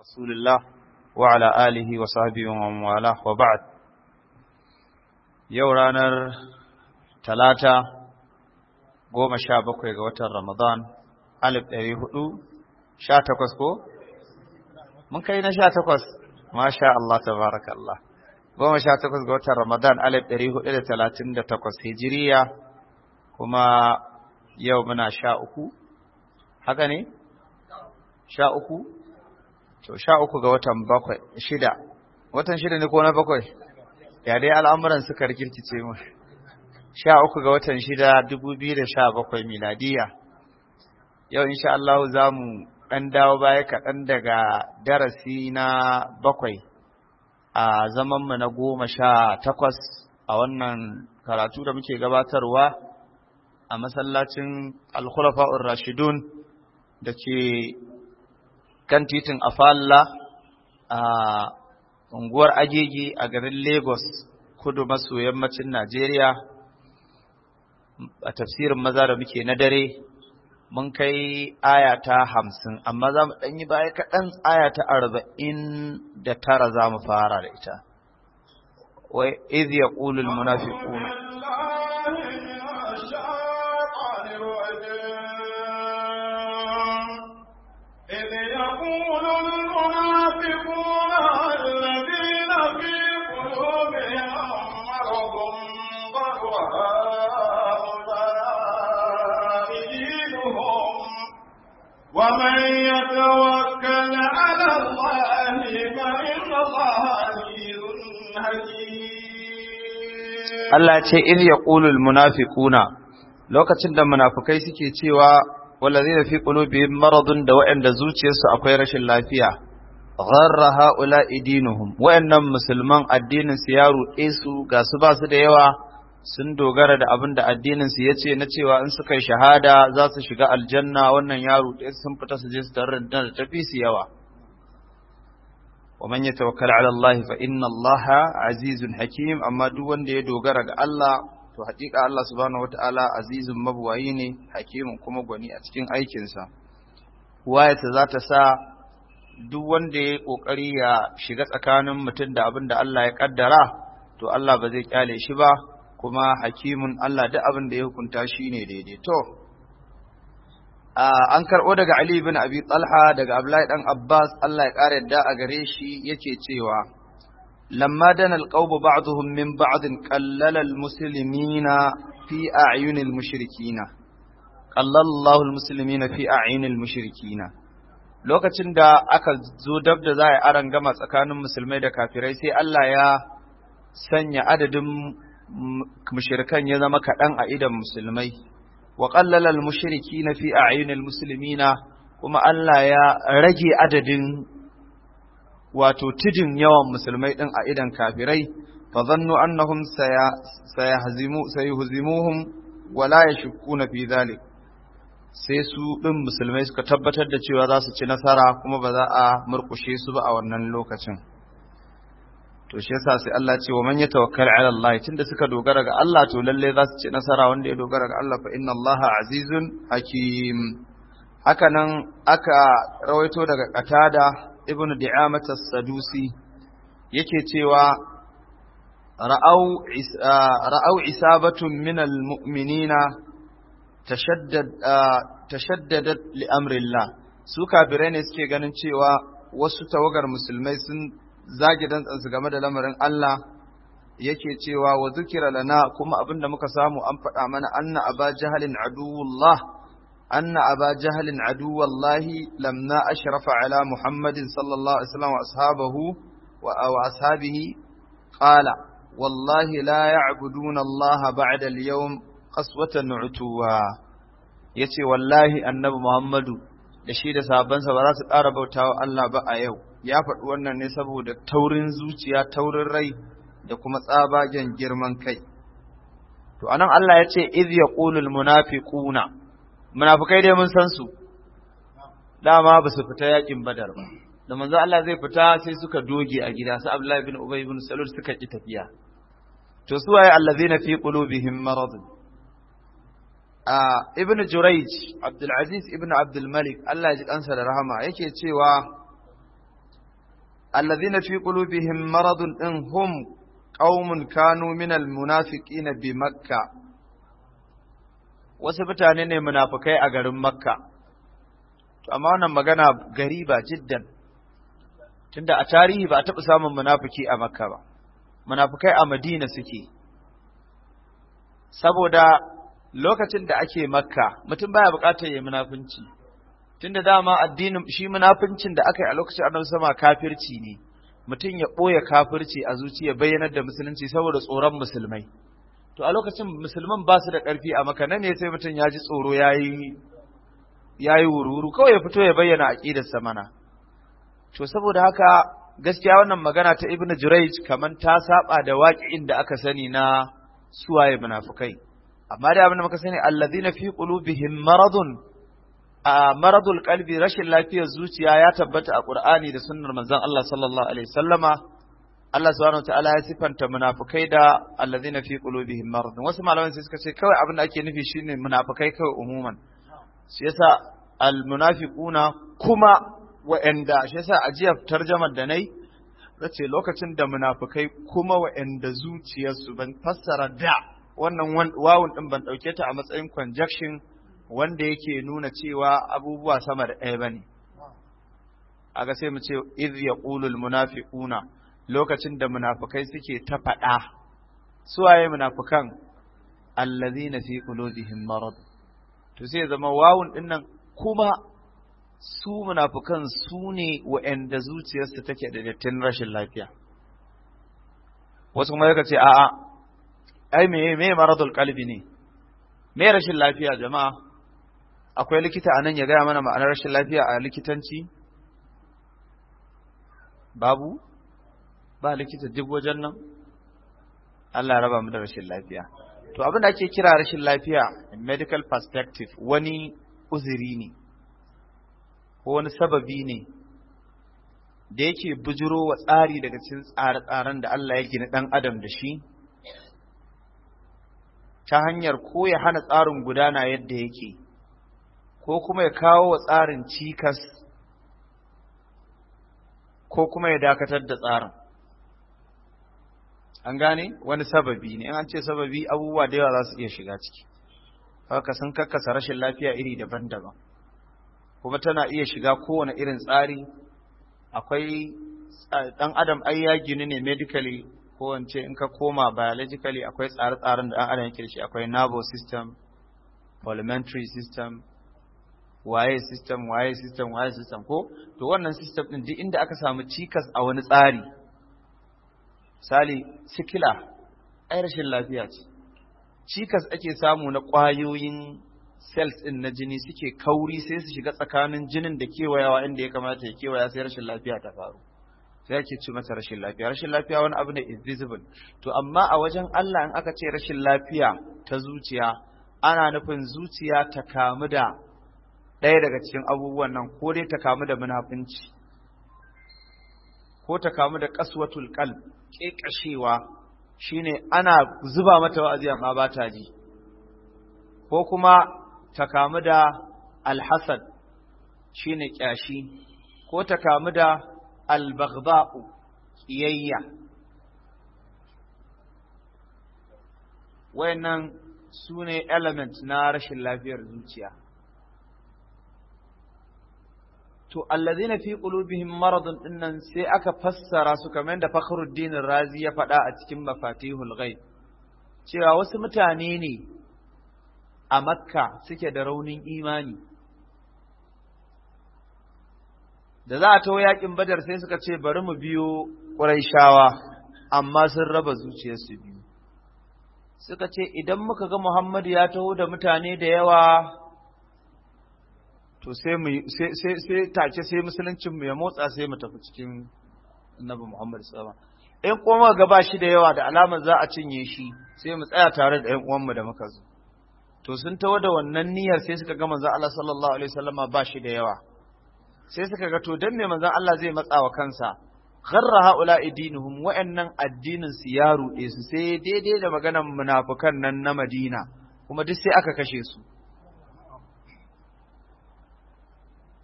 رسول wa وعلى آله وصحبه ومن والاه وبعد yau ranar talata goma sha bakwai ga watan ramadan alif ɗari hudu sha takwas ko? mun kai na sha takwas masha Allah tabarakallah goma sha takwas ga watan ramadan alif ɗari hudu da talatin da takwas hijiriya kuma yau muna sha uku haka ne? sha uku to sha uku ga watan bakwai shida watan shida ne ko na bakwai ya dai al'amuran suka rikirkice mu sha uku ga watan shida dubu biyu da sha bakwai miladiya yau insha Allah za mu ɗan dawo baya kaɗan daga darasi na bakwai a zamanmu na goma sha takwas a wannan karatu da muke gabatarwa a masallacin alkhulafa'ur rashidun da ke kan titin Afalla a unguwar Agege a garin Lagos kudu maso yammacin Najeriya a tafsirin maza da muke na dare mun kai aya ta hamsin amma za mu ɗanyi baya kaɗan aya ta arba'in da tara za mu fara da ita. Wai, iz ya ƙulul munafiquna Allah ce in ya yaqulul munafiquna lokacin da munafukai suke cewa wallazina fi qulubihim maradun da waɗanda zuciyarsu akwai rashin lafiya gharra haula idinuhum waɗannan musulman addinin su ya ruɗe su ga su ba su da yawa sun dogara da abin da addinin su yace na cewa in suka yi shahada za su shiga aljanna wannan ya ruɗe sun fita su je su tarar da tafi yawa ومن fa على الله azizun الله amma duk wanda ya dogara ga Allah, to haƙiƙa Allah subhanahu wataala azizun mabwayi ne hakimin kuma gwani a cikin aikinsa sa za ta sa duk wanda ya ƙoƙari ya shiga tsakanin mutum da abin da Allah ya ƙaddara to Allah ba zai ƙyale shi ba kuma hakimin Allah duk abin da ya hukunta shi ne daidai to Ah, an karɓo daga Ali bin Abi Talha daga Abdullahi dan Abbas Allah ya ƙara yadda a gare shi yake cewa lamma dana alqawbu ba'dhum min ba'd qallala almuslimina fi a'yunil mushrikina qallallahu almuslimina fi a'yun almushrikina lokacin da aka zo dab da za a yi aran gama tsakanin musulmai da kafirai sai Allah ya sanya adadin mushrikan ya zama kaɗan a idon musulmai wa ƙallalar al na fi a'yunil na kuma Allah ya rage adadin wato tijin yawan musulmai ɗin a idan kafirai fa zannu annahum sayahzimu sayahzimuhum wa la yashkuna fi dhalik sai su ɗin musulmai suka tabbatar da cewa za su ci nasara kuma ba za a murkushe su ba a wannan lokacin to shi yasa sai Allah ce wa man tawakkal ala Allah tunda suka dogara ga Allah to lalle za su ci nasara wanda ya dogara ga Allah fa inna Allah azizun hakim haka nan aka rawaito daga Qatada ibn Di'amah as-Sadusi yake cewa ra'au ra'au isabatun min al-mu'minina tashaddad tashaddadat li amrillah su kafirai ne suke ganin cewa wasu tawagar musulmai sun zagi dantsansu game da lamarin Allah yake cewa wa zukira lana kuma abinda muka samu an faɗa mana anna aba jahalin aduwullah anna aba jahalin aduwallahi lamna ashrafa ala muhammadin sallallahu alaihi wasallam wa ashabahu wa ashabihi qala wallahi la ya'buduna allaha ba'da al-yawm qaswatan utuwa yace wallahi annabi muhammadu da shi da sahabbansa ba za su ƙara bautawa Allah ba a yau ya faɗi wannan ne saboda taurin zuciya taurin rai da kuma tsabagen girman kai to anan Allah ya ce idh yaqulul munafiquna munafikai dai mun san su dama ba su fita yakin badar ba da manzo Allah zai fita sai suka doge a gida su Abdullahi bin Ubay ibn Salul suka ki tafiya to su waye allazina fi qulubihim marad a ibn Jurayj Abdul Aziz ibn Abdul Malik Allah ya ji kansa da rahama yake cewa alladhina fi qulubihim maradun din hum qaumun kanu minal munafiqina bi makka wasu mutane ne munafukai a garin makka to amma wannan magana gari ba jiddan tunda a tarihi ba a taɓa samun munafiki a makka ba munafukai a madina suke saboda lokacin da ake makka mutum baya buƙatar ya munafunci tunda dama addinin shi munafincin da aka yi a lokacin annabi sama kafirci ne mutum ya ɓoye kafirci a zuci ya bayyanar da musulunci saboda tsoron musulmai to a lokacin musulman ba su da ƙarfi a maka nan ne sai mutum ya ji tsoro ya yi wururu kawai ya fito ya bayyana aƙidarsa mana to saboda haka gaskiya wannan magana ta ibnu jurayj kaman ta saba da waƙi'in da aka sani na suwaye munafukai amma da abin da muka sani alladhina fi qulubihim maradun a maradul kalbi rashin lafiyar zuciya ya tabbata a Qur'ani da sunnar manzon Allah sallallahu alaihi wasallama Allah subhanahu wataala ya sifanta munafikai da alladhina fi qulubihim marad wasu malaman sai suka ce kawai abin da ake nufi shine munafikai kawai umuman shi yasa al munafiquna kuma wa'anda shi yasa ajiyar tarjamar da nayi zace lokacin da munafikai kuma wa'anda zuciyarsu ban fassara da wannan wawun din ban dauke ta a matsayin conjunction wanda yake nuna cewa abubuwa sama da ɗaya bane aga sai mu ce iz yaqulul munafiquna lokacin da munafikai suke ta faɗa suwaye munafikan allazina fi qulubihim marad to sai zama wawun ɗinnan kuma su munafikan su ne wa'anda zuciyarsu take da dattin rashin lafiya wasu kuma yaka ce a'a ai me me maradul qalbi ne me rashin lafiya jama'a akwai likita anan ya gaya mana ma'anar rashin lafiya a likitanci babu ba likita duk wajen nan Allah raba mu da rashin lafiya to abin da ake kira rashin lafiya in medical perspective wani uzuri ne ko wani sababi ne da yake bujiro wa tsari daga cikin tsare-tsaren da Allah ya gina ɗan adam da shi ta hanyar ko ya hana tsarin gudana yadda yake ko kuma ya kawo wa tsarin cikas ko kuma ya dakatar da tsarin an gane wani sababi ne in an ce sababi abubuwa da yawa za su iya shiga ciki haka sun kakkasa rashin lafiya iri daban-daban kuma tana iya shiga kowane irin tsari akwai ɗan adam ai ya gini ne medically ko wance in ka koma biologically akwai tsare-tsaren da dan adam ya da shi akwai nervous system parliamentary system waye system waye system waye system ko to wannan system din duk inda aka samu cikas a wani tsari misali sikila ai rashin lafiya ce cikas ake samu na ƙwayoyin cells din na jini suke kauri sai su shiga tsakanin jinin da kewayawa inda ya kamata ya kewaya sai rashin lafiya ta faru sai ake ce masa rashin lafiya rashin lafiya wani abu ne invisible to amma a wajen Allah in aka ce rashin lafiya ta zuciya ana nufin zuciya ta kamu da ɗaya daga cikin abubuwan nan ko dai ta kamu da munafunci ko ta kamu da kaswatul qalb kekashewa shine ana zuba mata wa'azi amma ba ta ji ko kuma ta kamu da alhasad shine kyashi ko ta kamu da albaghdha'u kiyayya wayannan sune element na rashin lafiyar zuciya to allazina fi qulubihim maradun dinnan sai aka fassara su kamar da Fakhruddin Razi ya faɗa a cikin Mafatihul Ghaib cewa wasu mutane ne a Makka suke da raunin imani da za a tawo yakin Badar sai suka ce bari mu biyo Quraishawa amma sun raba zuciyarsu biyu suka ce idan muka ga Muhammadu ya taho da mutane da yawa to sai mu sai sai take sai musuluncin mu ya motsa sai mu tafi cikin annabi Muhammad sallallahu alaihi wasallam in kuma ga ba shi da yawa da alamar za a cinye shi sai mu tsaya tare da ƴan uwanmu da muka zo to sun tawo da wannan niyyar sai suka ga manzo Allah sallallahu alaihi wasallam ba shi da yawa sai suka ga to dan me manzo Allah zai matsa wa kansa gharra haula idinuhum wa'annan addinin su ya ruɗe su sai daidai da maganar munafukan nan na Madina kuma duk sai aka kashe su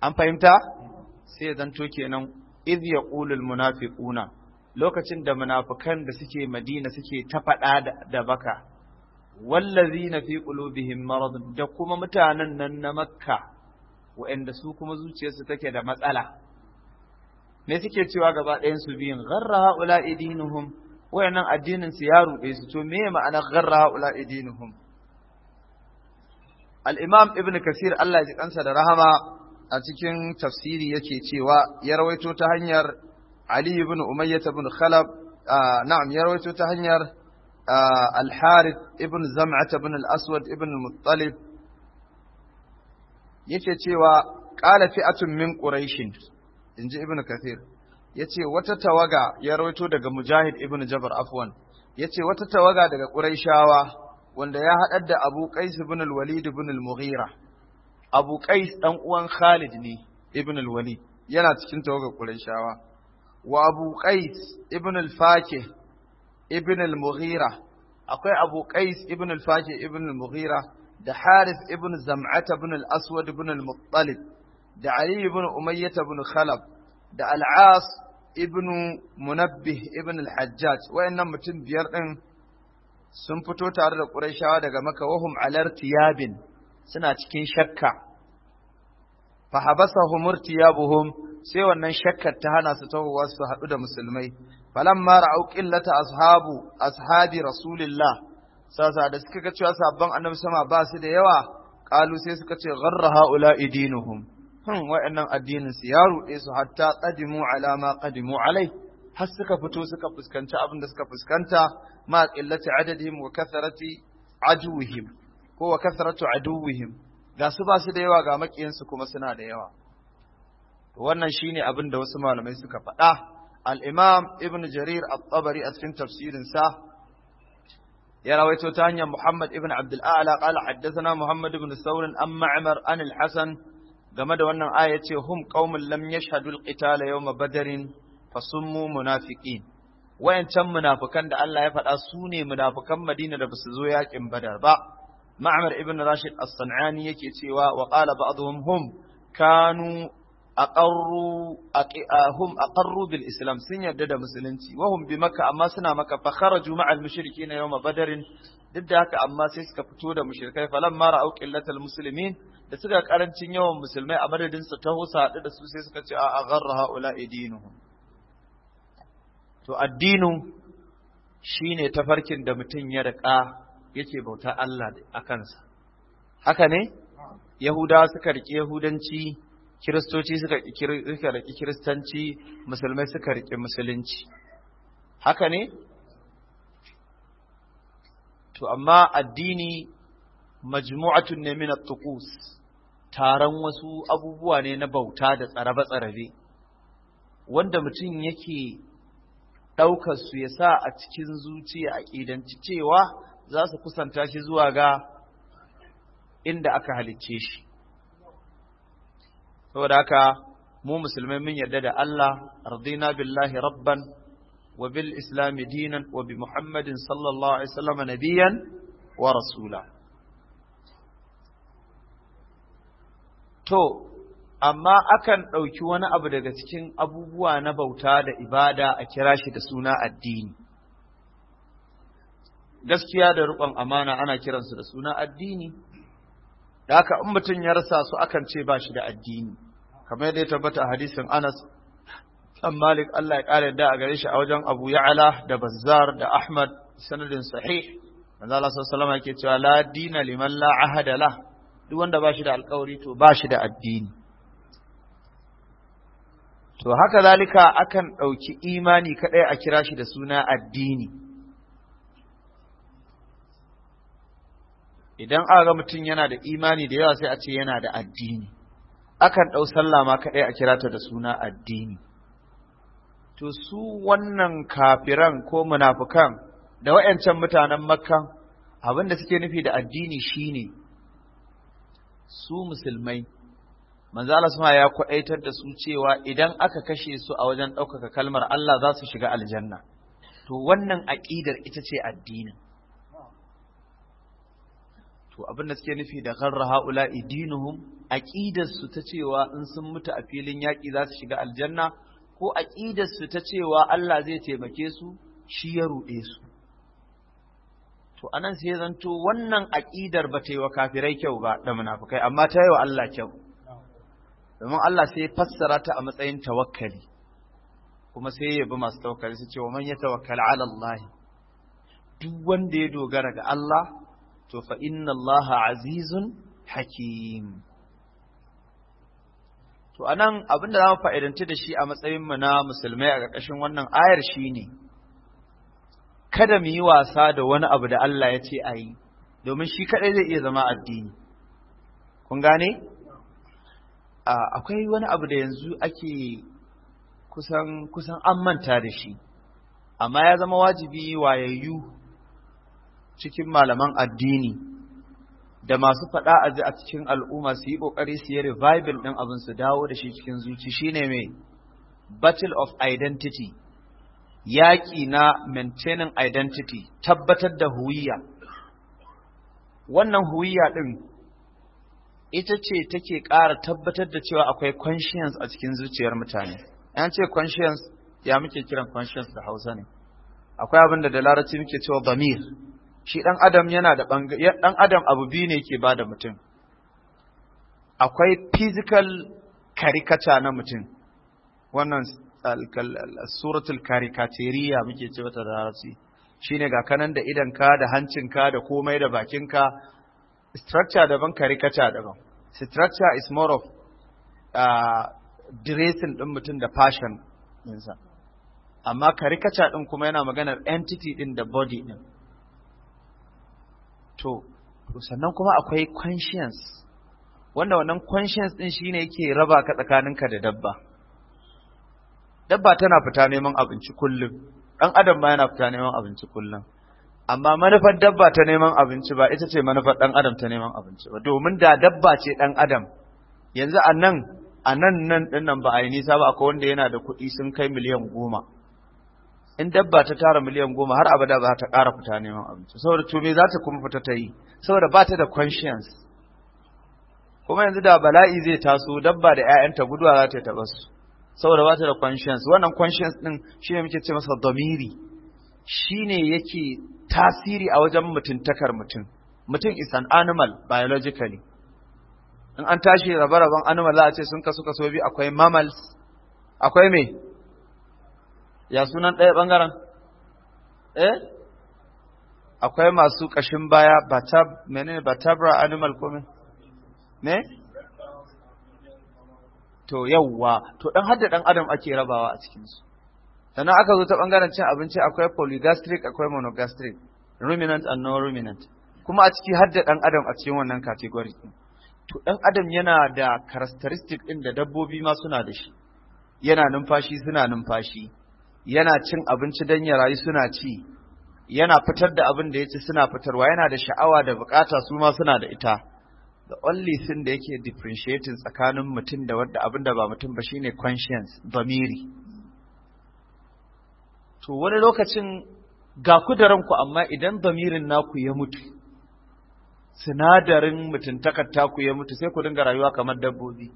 an fahimta sai zan zanto kenan iz yaqulul munafiquna lokacin da munafikan da suke Madina suke ta faɗa da baka wallazina fi qulubihim marad da kuma mutanen nan na Makka waɗanda su kuma zuciyarsu take da matsala me suke cewa gaba ɗayan su biyun gharra haula idinuhum wayannan addinin su ya ruɓe su to me ma'ana gharra haula idinuhum al-imam ibn kasir Allah ya ji kansa da rahama a cikin tafsiri yake cewa ya rawaito ta hanyar Ali ibn Umayyah ibn Khalab na'am ya rawaito ta hanyar Al-Harith ibn Zam'ah ibn Al-Aswad ibn Muttalib yake cewa qala fi'atun min Quraysh inji Ibn Kathir yace wata tawaga ya rawaito daga Mujahid ibn Jabr afwan yace wata tawaga daga Qurayshawa wanda ya haɗar da Abu Qais ibn al-Walid ibn al-Mughira Abu Qais dan uwan Khalid ne ibn al-Walid yana cikin tawagar Qurayshawa wa Abu Qais ibn al-Fakih ibn al-Mughira akwai Abu Qais ibn al-Fakih ibn al-Mughira da Harith ibn Zam'ata ibn al-Aswad ibn al-Muttalib da Ali ibn Umayyah ibn Khalaf da Al-As ibn Munabbih ibn al-Hajjaj wayannan mutum biyar din sun fito tare da Qurayshawa daga Makka wahum alartiyabin suna cikin shakka fa ya buhum sai wannan shakkar ta hana su tahowa su haɗu da musulmai ma ra'au qillata ashabu ashabi rasulillah sasa da suka ga cewa sabban annabi sama ba su da yawa qalu sai suka ce gharra haula idinuhum hmm wa'annan addinin su ya ruɗe su hatta qadimu ala ma qadimu alai har suka fito suka fuskanci abin da suka fuskanta ma qillati adadihim wa kathrati ajuhim ko wa kasratu aduwwihim ga su ba su da yawa ga makiyansu kuma suna da yawa wannan shine abin da wasu malamai suka faɗa al-imam ibn jarir at-tabari a cikin tafsirin sa ya rawaito ta hanyar muhammad ibn abdul a'la qala haddathana muhammad ibn saurin an ma'mar an al-hasan game da wannan aya yace hum qaumun lam yashhadu al badarin, yawma badrin fasummu munafiqin wayancan munafikan da Allah ya faɗa su ne munafikan Madina da basu zo yakin Badar ba ma'amar ibn rashid as-san'ani yake cewa wa qala ba'dhum hum kanu aqarru hum islam sun yarda da musulunci wa hum bi makka amma suna makka fa kharaju ma'a al mushrikin yawm badr duk da haka amma sai suka fito da mushrikai falamma ra'u qillatal muslimin da suka karancin yawan musulmai a madadinsa ta taho haɗu da su sai suka ce a gharra haula idinuhum to addinu shine tafarkin da mutum ya riƙa yake bauta Allah a kansa haka ne yahudawa suka riƙe yahudanci kiristoci suka riƙe kiristanci musulmai suka riƙe musulunci haka ne to amma addini majmu'atun ne min at taron wasu abubuwa ne na bauta da tsarabe-tsarabe wanda mutum yake ɗaukar su ya sa a cikin zuciya a ƙidanci cewa za su kusanta shi zuwa ga inda aka halicce shi saboda haka mu musulmai mun yarda da Allah radina billahi rabban wa bil islam dinan wa bi muhammadin sallallahu alaihi wasallam nabiyan wa rasula to amma akan ɗauki wani abu daga cikin abubuwa na bauta da ibada a kira shi da suna addini gaskiya da riƙon amana ana kiransu da suna addini da haka in mutum ya rasa su akan ce ba shi da addini kamar yadda ya tabbata a hadisin Anas dan Malik Allah ya kare da a gare shi a wajen Abu Ya'la da Bazzar da Ahmad sanadin sahih manzo Allah sallallahu alaihi yake cewa la dina liman la ahada la duk wanda ba shi da alƙawari to ba shi da addini to haka zalika akan ɗauki imani kaɗai a kira shi da suna addini idan aka ga mutum yana da imani da yawa sai a ce yana da addini akan ɗau sallah ma kaɗai a kira ta da suna addini to su wannan kafiran ko munafukan da wa'yancan mutanen makka abin suke nufi da addini shine su musulmai manzo Allah ya kwadaitar da su cewa idan aka kashe su a wajen ɗaukaka kalmar Allah za su shiga aljanna to wannan aqidar ita ce addinin to abin da suke nufi da gharra haula idinuhum aqidar su ta cewa in sun mutu a filin yaki za su shiga aljanna ko aqidar su ta cewa Allah zai taimake su shi ya ruɗe su to anan sai zanto wannan aqidar ba ta yi wa kafirai kyau ba da munafikai amma ta yi wa Allah kyau domin Allah sai fassara ta a matsayin tawakkali kuma sai ya bi masu tawakkali su ce wa man ya tawakkala ala Allah duk wanda ya dogara ga Allah to fa inna allaha azizun hakim to anan abin da za mu fa'idanci da shi a matsayin mu na musulmai a ƙarƙashin wannan ayar shine kada mu yi wasa da wani abu da Allah ya ce a domin shi kadai zai iya zama addini kun gane akwai wani abu da yanzu ake kusan kusan an manta da shi amma ya zama wajibi wayayyu cikin malaman addini da masu faɗa aji a cikin al'umma su yi ƙoƙari su yi revival ɗin abin su dawo da shi cikin zuci shine mai battle of identity yaƙi na maintaining identity tabbatar da huwiya wannan huwiya ɗin ita ce take ƙara tabbatar da cewa akwai conscience a cikin zuciyar mutane an ce conscience ya muke kiran conscience da hausa ne akwai abin da da larabci muke cewa damir shi ɗan adam yana da ɓangare, ɗan adam abu biyu ne ke ba da mutum. Akwai physical karikata na mutum, wannan suratul karikateriya muke ce wata larabci, shi ne ga kanan da idanka da hancinka da komai da bakinka, structure daban karikata daban. Structure is more of uh, dressing ɗin mutum da fashion ɗinsa. Amma karikata ɗin kuma yana maganar entity ɗin da body ɗin. to sannan kuma akwai conscience wanda wannan conscience din shine yake raba ka tsakaninka da dabba dabba tana fita neman abinci kullum dan adam ma yana fita neman abinci kullum amma manufar dabba ta neman abinci ba ita ce manufar dan adam ta neman abinci ba domin da dabba ce dan adam yanzu a nan a nan nan nan ba a yi nisa ba akwai wanda yana da kuɗi sun kai miliyan goma in dabba ta tara miliyan goma har abada ba ta ƙara fita neman abinci saboda to me za ta kuma fita ta yi saboda ba ta da conscience kuma yanzu da bala'i zai taso dabba da 'ya'yanta guduwa za ta taɓa su saboda ba ta da conscience wannan conscience ɗin shi ne muke ce masa domiri shi ne yake tasiri a wajen mutuntakar mutum mutum is an animal biologically in an tashi rabe-raben animal za a ce sun kasu kaso biyu akwai mammals akwai me ya sunan ɗaya ɓangaren eh akwai masu ƙashin baya ba menene animal kome ne to yawwa to ɗan hadda ɗan adam ake rabawa a cikinsu. sannan aka zo ta ɓangaren cin abinci akwai polygastric akwai monogastric ruminant and non ruminant kuma a ciki hadda ɗan adam a cikin wannan category to ɗan adam yana da characteristic ɗin da dabbobi ma suna da shi yana numfashi suna numfashi yana cin abinci don ya rayu suna ci yana fitar da abin da ya ci suna fitarwa yana da sha'awa da bukata su ma suna da ita the only thing da yake differentiating tsakanin mutum da wadda abin da ba mutum ba shine conscience zamiri to wani lokacin ga kudaranku amma idan zamirin naku ya mutu sinadarin mutuntakar taku ya mutu sai ku dinga rayuwa kamar dabbobi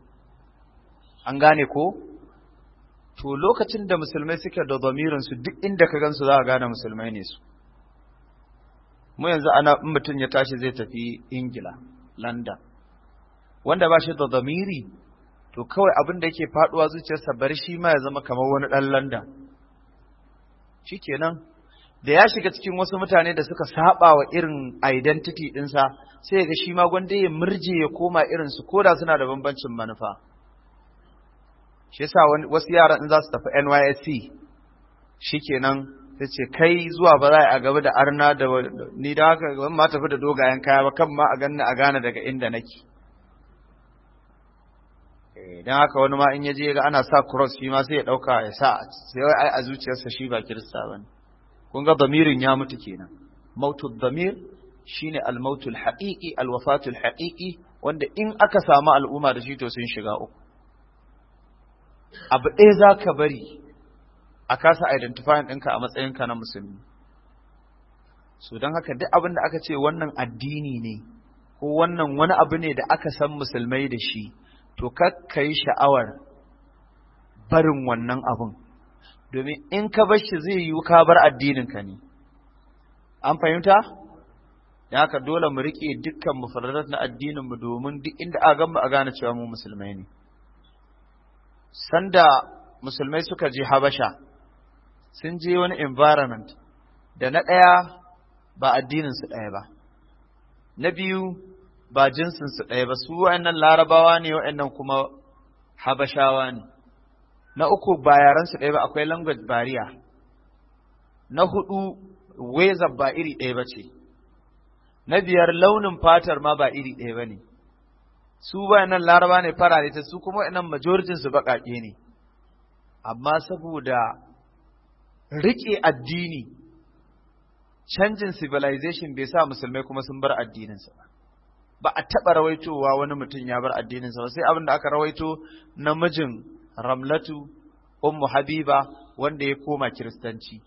an gane ko to lokacin da musulmai suke da su duk inda ka gansu za a gane musulmai ne su mu yanzu ana in mutum ya tashi zai tafi ingila london wanda ba shi da zamiri to kawai abin da yake faduwa zuciyarsa bar shi ma ya zama kamar wani dan london shikenan da ya shiga cikin wasu mutane da suka saba wa irin identity dinsa sai ya ga shi ma gwanda ya murje ya koma irinsu ko da suna da bambancin manufa shi yasa wasu yaran in za su tafi NYSC shikenan ta ce kai zuwa ba za a gaba da arna da ni da haka ban ma tafi da dogayen kaya ba kan ma a ganna a gane daga inda nake idan eh, haka wani ma in yaje ga ana sa cross shi ma sai ya dauka ya sa sai wai ai a zuciyarsa shi ba kirista bane kun ga damirin ya mutu kenan mautu damir shine al al haqiqi al wafatul haqiqi wanda in aka samu al'umma da shi to sun shiga uku abu ɗaya za ka bari a kasa identifying ɗinka a matsayinka na musulmi so don haka duk abin da aka ce wannan addini ne ko wannan wani abu ne da aka san musulmai da shi to kakka yi sha'awar barin wannan abin domin in ka bar shi zai yi ka bar addininka ne an fahimta ya ka dole mu riƙe dukkan mu na addininmu domin duk inda a gan mu a gane cewa mu musulmai ne sanda musulmai suka je Habasha sun je wani environment da na ɗaya ba addinin su ɗaya ba na biyu ba jinsinsu ɗaya ba su wa'annan larabawa ne wa'annan kuma habashawa ne na uku ba yarensu ɗaya ba akwai language barrier na hudu wezar ba iri ɗaya ba ce na biyar launin fatar ma ba iri ɗaya ba ne su nan laraba ne farare ta su kuma wayannan majoritin su baƙaƙe ne amma saboda riƙe addini canjin civilization bai sa musulmai kuma sun bar addininsa ba ba a taɓa rawaitowa wani mutum ya bar addininsa ba sai abin da aka rawaito namijin ramlatu ummu habiba wanda ya koma kiristanci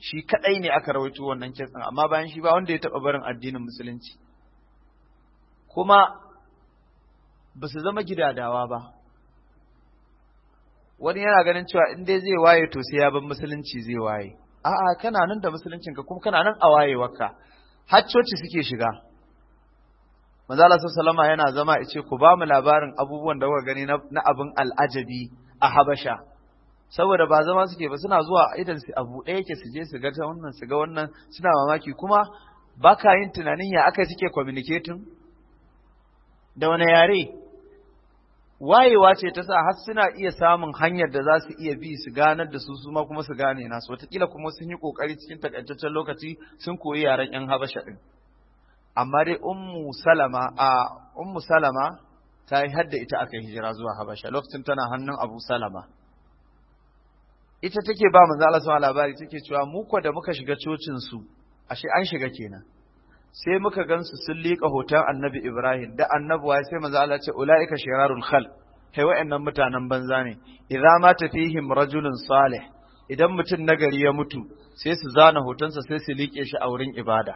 shi kaɗai ne aka rawaito wannan kisan amma bayan shi ba wanda ya taɓa barin addinin musulunci kuma ba su zama gidadawa ba wani yana ganin cewa in dai zai waye to sai ya bar musulunci zai waye a'a kana nan da musuluncin ka kuma kana nan a wayewarka har coci suke shiga manzo Allah alaihi yana zama yace ku ba mu labarin abubuwan da kuka gani na abin al'ajabi a Habasha saboda ba zama suke ba suna zuwa idan su abu ɗaya yake su je su ga wannan su ga wannan suna mamaki kuma baka yin tunanin ya aka suke communicating da wani yare wayewa ce ta sa har suna iya samun hanyar da za su iya bi su ganar da su suma kuma su gane nasu watakila kuma sun yi kokari cikin takaitaccen lokaci sun koyi yaren yan habasha ɗin. amma dai ummu salama a ummu salama ta yi hadda ita aka hijira zuwa habasha lokacin tana hannun abu salama ita take ba manzo Allah labari take cewa mu ko da muka shiga cocin su ashe an shiga kenan sai muka gansu sun liƙa hoton annabi Ibrahim da annabuwa sai manzo Allah ce ulaika shirarul khal kai wayannan mutanen banza ne idza mata fihim rajulun salih idan mutum nagari ya mutu sai su zana hotonsa sai su liƙe shi a wurin ibada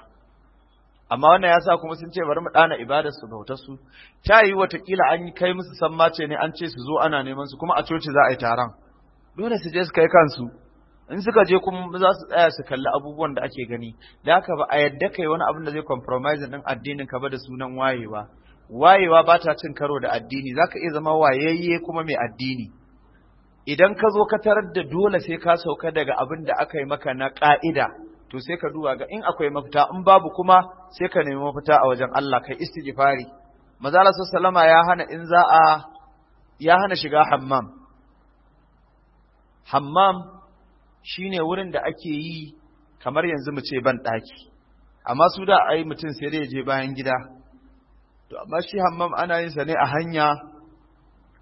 amma wannan yasa kuma sun ce bari mu dana ibadar su bautar su ta yi watakila an kai musu sammace ne an ce su zo ana neman su kuma a coci za a yi taron dole su je su kai kansu in suka je kuma za su tsaya su kalli abubuwan da ake gani da haka ba a yadda kai wani abin da zai compromise din addinin ka ba da sunan wayewa wayewa ba ta cin karo da addini zaka iya zama wayayye kuma mai addini idan ka zo ka tarar da dole sai ka sauka daga abin da aka yi maka na ka'ida to sai ka duba ga in akwai mafita in babu kuma sai ka nemi mafita a wajen Allah kai istighfari maza Allah sallama ya hana in za a ya hana shiga hammam hammam Shi ne wurin da ake yi kamar yanzu mu ce ban ɗaki amma su da ai mutum sai dai je bayan gida to amma shi hammam ana yin sa ne a hanya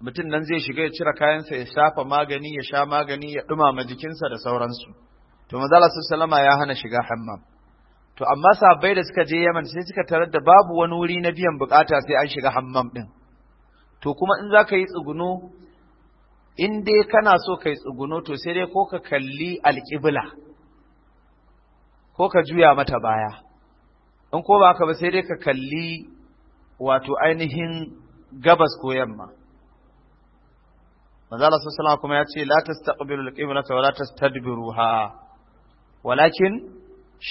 mutum nan zai shiga ya cire kayansa ya shafa magani ya sha magani ya ɗumama jikinsa da sauransu to manzala sallama ya hana shiga hammam to amma sahabbai da suka je Yaman sai suka tarar da babu wani wuri na biyan bukata sai an shiga hammam din to kuma in zaka yi tsuguno in dai kana so kai tsuguno to sai dai ko ka kalli alƙibla ko ka juya mata baya in ko ba ka ba sai dai ka kalli wato ainihin gabas ko yamma manzo Allah sallallahu kuma ya ce la tastaqbilu alqiblata wa la tastadbiruha walakin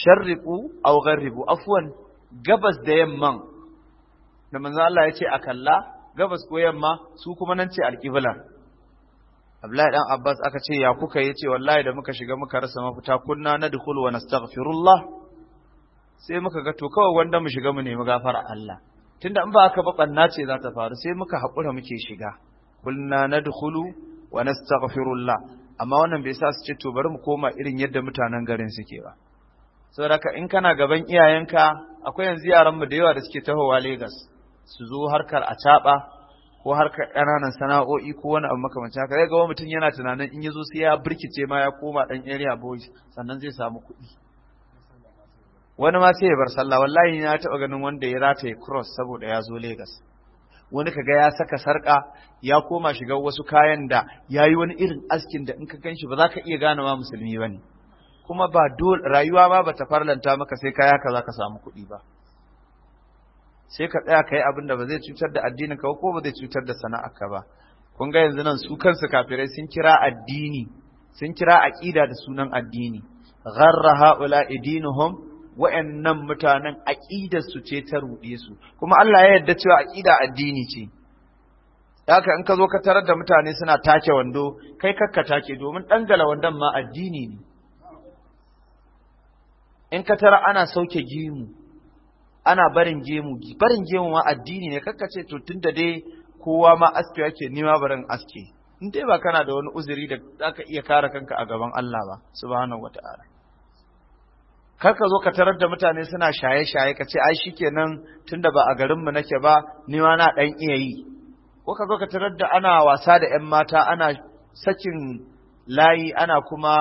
sharriqu aw gharribu afwan gabas da yamman da manzo Allah ya ce a kalla gabas ko yamma su kuma nan ce alqibla Abdullahi dan Abbas aka ce ya kuka yace wallahi da muka shiga muka rasa mafita kunna nadkhulu wa nastaghfirullah sai muka ga to kawai wanda mu shiga mu nemi gafara Allah tunda in ba aka ba banna ce za ta faru sai muka hakura muke shiga kunna nadkhulu wa nastaghfirullah amma wannan bai sa su ce to bari mu koma irin yadda mutanen garin suke ba saboda in kana gaban iyayenka akwai yanzu yaran mu da yawa da suke tahowa Lagos su zo harkar a ko har ƙananan sana'o'i ko wani abu makamancin haka zai ga mutum yana tunanin in yazo sai ya birkice ma ya koma dan area boys sannan zai samu kuɗi wani ma sai ya bar sallah wallahi na taɓa ganin wanda ya ya cross saboda ya zo Lagos wani kaga ya saka sarka ya koma shiga wasu kayan da yayi wani irin askin da in ka ganshi ba za ka iya gane ma musulmi bane kuma ba dole rayuwa ba bata farlanta maka sai kaya ka za ka samu kuɗi ba sai ka tsaya ka yi abin da ba zai cutar da addinin ka ko ba zai cutar da ka ba kun ga yanzu nan su kansu kafirai sun kira addini sun kira aqida da sunan addini gharra haula idinuhum wa'annan mutanen aqidar su ce ta ruɗe su kuma Allah ya yarda cewa aqida addini ce haka in ka zo ka tarar da mutane suna take wando kai kakka take domin dangala wandon ma addini ne in ka tara ana sauke gimu ana barin gemu barin gemu ma addini ne kakka ce to tunda dai kowa ma aske yake nima barin aske in dai ba kana da wani uzuri da zaka iya kare kanka a gaban Allah ba subhanahu wataala kar ka zo ka tarar da mutane suna shaye-shaye kace ce ai shikenan tunda ba a mu nake ba ni ma na dan iya yi ko ka zo ka tarar da ana wasa da ƴan mata ana sakin layi ana kuma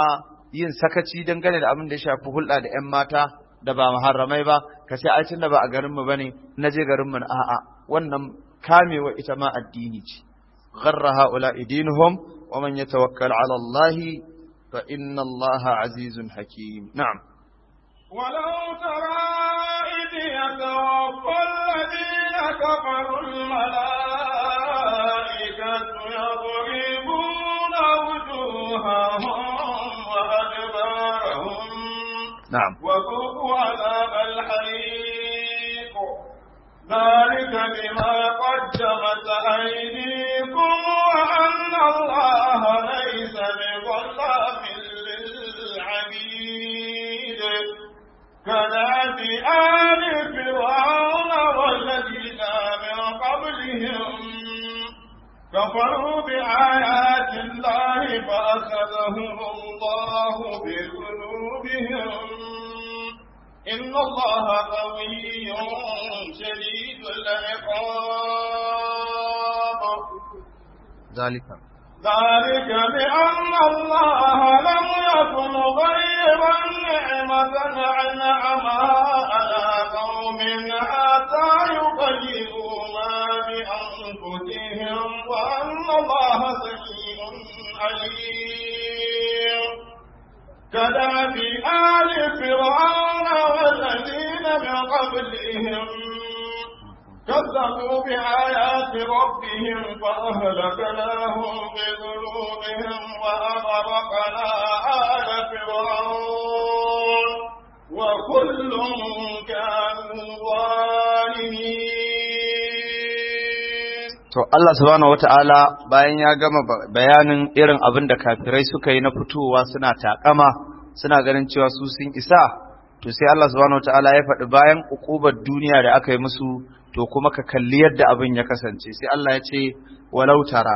yin sakaci dangane da abin da ya shafi hulɗa da ƴan mata da ba muharramai ba ka ce ai tunda ba a garin mu bane na je garin mu a'a wannan kamewa ita ma addini ce gharra haula idinuhum wa man yatawakkal ala Allah fa inna Allah azizun hakim na'am ولو ترى إذ يتوفى الذين كفروا الملائكة يضربون وجوههم نعم وذوقوا عذاب الحريق ذلك بما قدمت أيديكم وأن الله ليس بظلام للعبيد كذلك آل فرعون والذين من قبلهم كفروا بآيات الله فأخذهم الله بذنوبهم إن الله قوي شديد العقاب ذلك ذلك بأن الله لم يكن غيبا نعمة أنعمها على قوم حتى يغيروا ما بأنفسهم وأن الله سميع عليم كدأب آل فرعون والذين من قبلهم كذبوا بآيات ربهم فأهلكناهم بذنوبهم وأغرقنا آل فرعون وكل كانوا to Allah subhanahu wata'ala bayan ya gama bayanin irin abin da kafirai suka yi na fitowa suna takama suna ganin cewa su sun isa to sai Allah subhanahu wata'ala ya faɗi bayan ukubar duniya da aka yi musu to kuma ka kalli yadda abin ya kasance sai Allah ya ce walau tara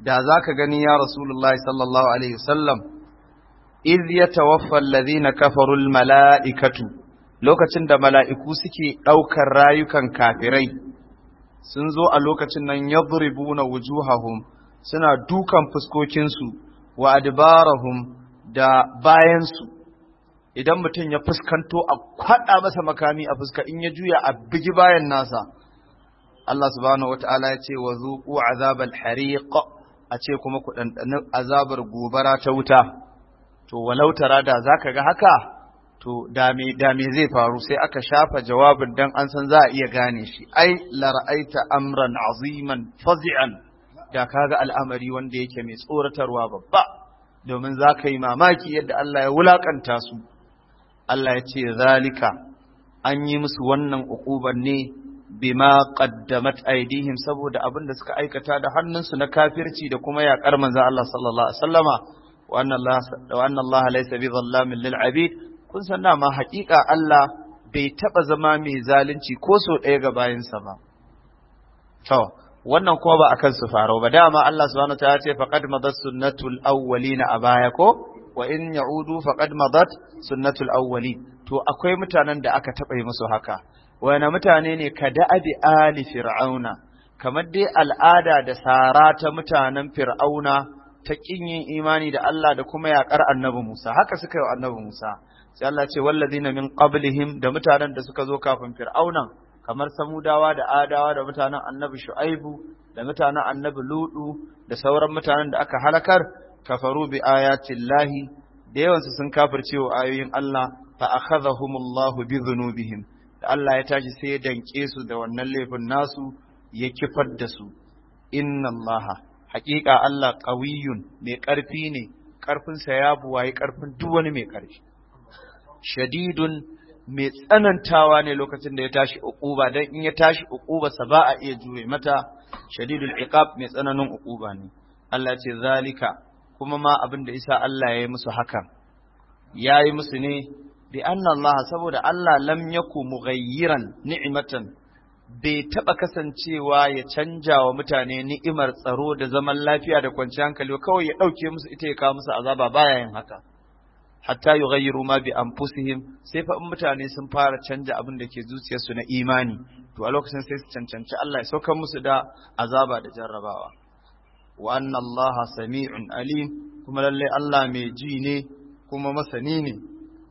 da za ka gani ya rasulullah sallallahu alaihi wasallam iz yatawaffa alladhina kafaru almala'ikatu lokacin da mala'iku suke daukar rayukan kafirai sun zo a lokacin nan yadribuna wujuhahum suna dukan fuskokinsu wa adbarahum da bayansu idan mutum ya fuskanto a kwaɗa masa makami a fuska in ya juya a bigi bayan nasa Allah subhanahu wata'ala ya ce wa zuqu azabal hariq a ce kuma ku ɗanɗani azabar gobara ta wuta to walau tara da zaka ga haka to da me da me zai faru sai aka shafa jawabin dan an san za a iya gane shi ai la ra'aita amran aziman fazi'an da kaga al'amari wanda yake mai tsoratarwa babba domin za ka yi mamaki yadda Allah ya wulakanta su Allah ya ce zalika an yi musu wannan uquban ne bima qaddamat aidihim saboda abin da suka aikata da hannunsu na kafirci da kuma yaƙar manzon Allah sallallahu alaihi wasallama wa anna Allah laysa bi dhallamin lil abid kun san ma hakika Allah bai taba zama mai zalunci ko so ɗaya ga bayansa ba to wannan kuma ba akan su faro ba dama Allah subhanahu wa ta'ala ya ce faqad madassunnatul awwalina a baya ko wa in ya'udu faqad madat sunnatul awwali to akwai mutanen da aka taɓa yi musu haka wani mutane ne ka abi ali fir'auna kamar dai al'ada da sara ta mutanen fir'auna ta kinyin imani da Allah da kuma yakar annabi Musa haka suka yi wa annabi Musa sai Allah ce wallazina min qablihim da mutanen da suka zo kafin fir'auna kamar samudawa da adawa da mutanen annabi shu'aibu da mutanen annabi ludu da sauran mutanen da aka halakar kafaru bi ayatin lahi da yawansu sun wa ayoyin Allah fa akhadhahumullahu bi dhunubihim da Allah ya tashi sai ya danke su da wannan laifin nasu ya kifar da su inna haƙiƙa Allah ƙawiyun mai ƙarfi ne ƙarfinsa ya buwaye ƙarfin duk wani mai ƙarfi shadidun mai tsanantawa ne lokacin da ya tashi uquba dan in ya tashi uquba sa ba a iya jure mata shadidul iqab mai tsananin uquba ne Allah ce zalika kuma ma abin da isa Allah ya yi musu hakan ya yi musu ne bi Allah saboda Allah lam yaku mughayyiran ni'matan bai taɓa kasancewa ya canja wa mutane ni'imar tsaro da zaman lafiya da kwanciyar hankali kawai ya ɗauke musu ita ya kawo musu azaba baya yin haka hatta yughayyiru ma bi anfusihim sai fa mutane sun fara canja abin da ke zuciyarsu na imani to a lokacin sai su cancanci Allah ya saukar musu da azaba da jarrabawa wa anna sami'un alim kuma lalle Allah mai ji ne kuma masani ne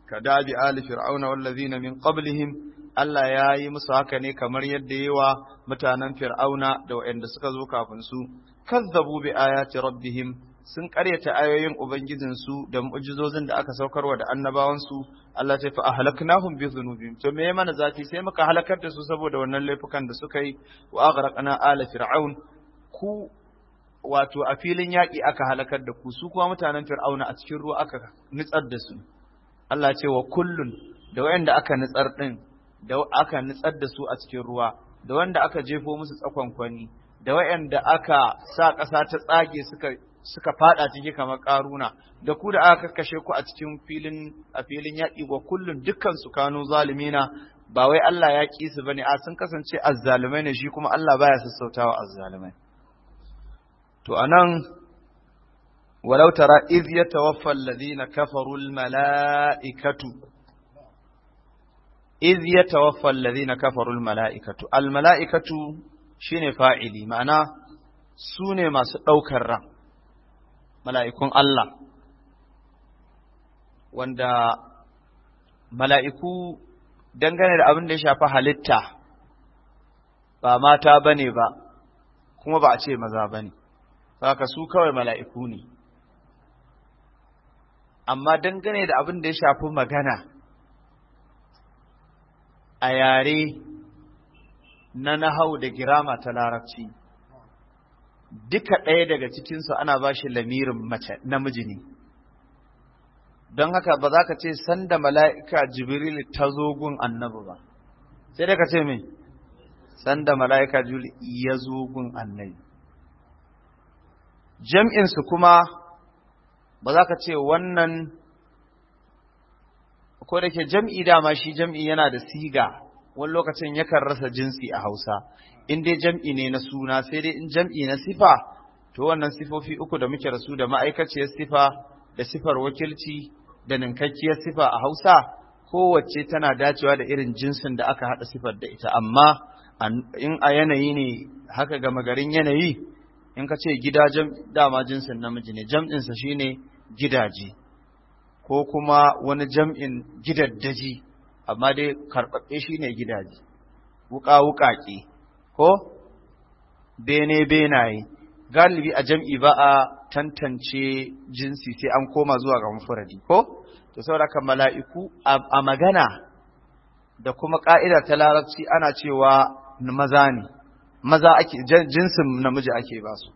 kadabi ali fir'auna wallazina min qablihim Allah ya yi musu haka ne kamar yadda yawa mutanen fir'auna da waɗanda suka zo kafin su kazzabu bi ayati rabbihim sun karyata ayoyin su da mu'jizozin da aka saukarwa da annabawansu Allah ta fa ahlaknahum bi dhunubihim to me mana zafi sai muka halakar da su saboda wannan laifukan da suka yi wa aghraqna ala fir'aun ku wato a filin yaƙi aka halakar da ku su kuma mutanen fir'auna a cikin ruwa aka nitsar da su Allah ce wa kullun da wanda aka nitsar din da aka nitsar da su a cikin ruwa da wanda aka jefo musu tsakon kwani da wanda aka sa ƙasa ta tsage suka suka fada cikin kamar karuna da ku da aka kashe ku a cikin filin a filin yaƙi wa kullun dukkan su kanu zalimina ba wai Allah ya ƙi su bane a sun kasance azzalumai ne shi kuma Allah baya sassautawa azzalumai to anan walau tara iz yatawaffa alladhina kafaru almalaikatu iz yatawaffa alladhina kafaru almalaikatu almalaikatu shine fa'ili ma'ana sune masu ɗaukar ran mala'ikun Allah wanda mala'iku dangane da abin da ya shafi halitta ba mata ba ne ba, kuma ba a ce maza ba ne. saka su kawai mala'iku ne amma dangane da abin da ya shafi magana a yare na nahau da girama ta larabci duka ɗaya daga cikinsu ana ba shi lamirin mace namiji ne don haka ba za ka ce sanda mala'ika jibril ta zo gun ba sai da ka ce mai sanda mala'ika jibril ya zo gun annabi jam'insu kuma ba za ka ce wannan ko da ke jam'i dama shi jam'i yana da siga wani lokacin yakan rasa jinsi a hausa in dai jam'i ne na suna sai dai in jam'i na sifa to wannan sifofi uku da muke rasu da ma'aikaciyar sifa da sifar wakilci da ninkakkiyar sifa a hausa kowace tana dacewa da irin jinsin da aka haɗa sifar da ita amma in a yanayi ne haka gama garin yanayi in ka ce gida dama jinsin namiji ne jam'insa shi ne gidaje ko kuma wani jam'in gidaddaji amma dai karɓaɓɓe shi shine gidaje wuƙa wuƙaƙe ko bene benaye galibi a jam'i ba a tantance jinsi sai an koma zuwa ga mafuradi ko to saboda mala'iku a magana da kuma ƙa'ida ta larabci ana cewa maza ne maza ake jinsin namiji ake ba su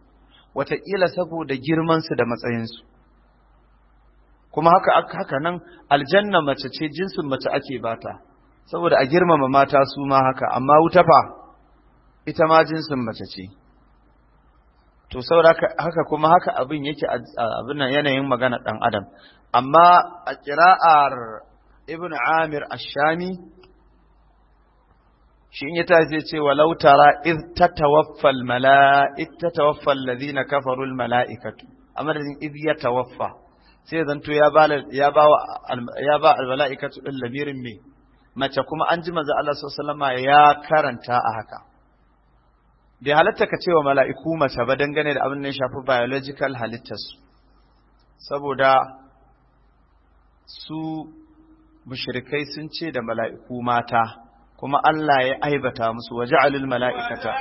wataƙila saboda girmansu da matsayinsu kuma haka haka nan aljanna mace ce jinsin mace ake bata saboda a girmama mata su ma haka amma wuta fa ita ma jinsin mace ce to saboda haka kuma haka abin yake abin nan yanayin magana dan adam amma a kira'ar ibn amir ash-shami shi in ya zai ce walau tara iz tatawaffal mala'ik tatawaffal ladina kafaru al mala'ikatu amma da iz tawaffa sai ya ba ya ba al mala'ikatu din lamirin me mace kuma an ji manzo Allah sallallahu alaihi ya karanta a haka bai halatta ka cewa mala'iku mace ba dangane da abin da ya shafi biological halittas saboda su mushrikai sun ce da mala'iku mata kuma Allah ya aibata musu waje alil mala'ikata.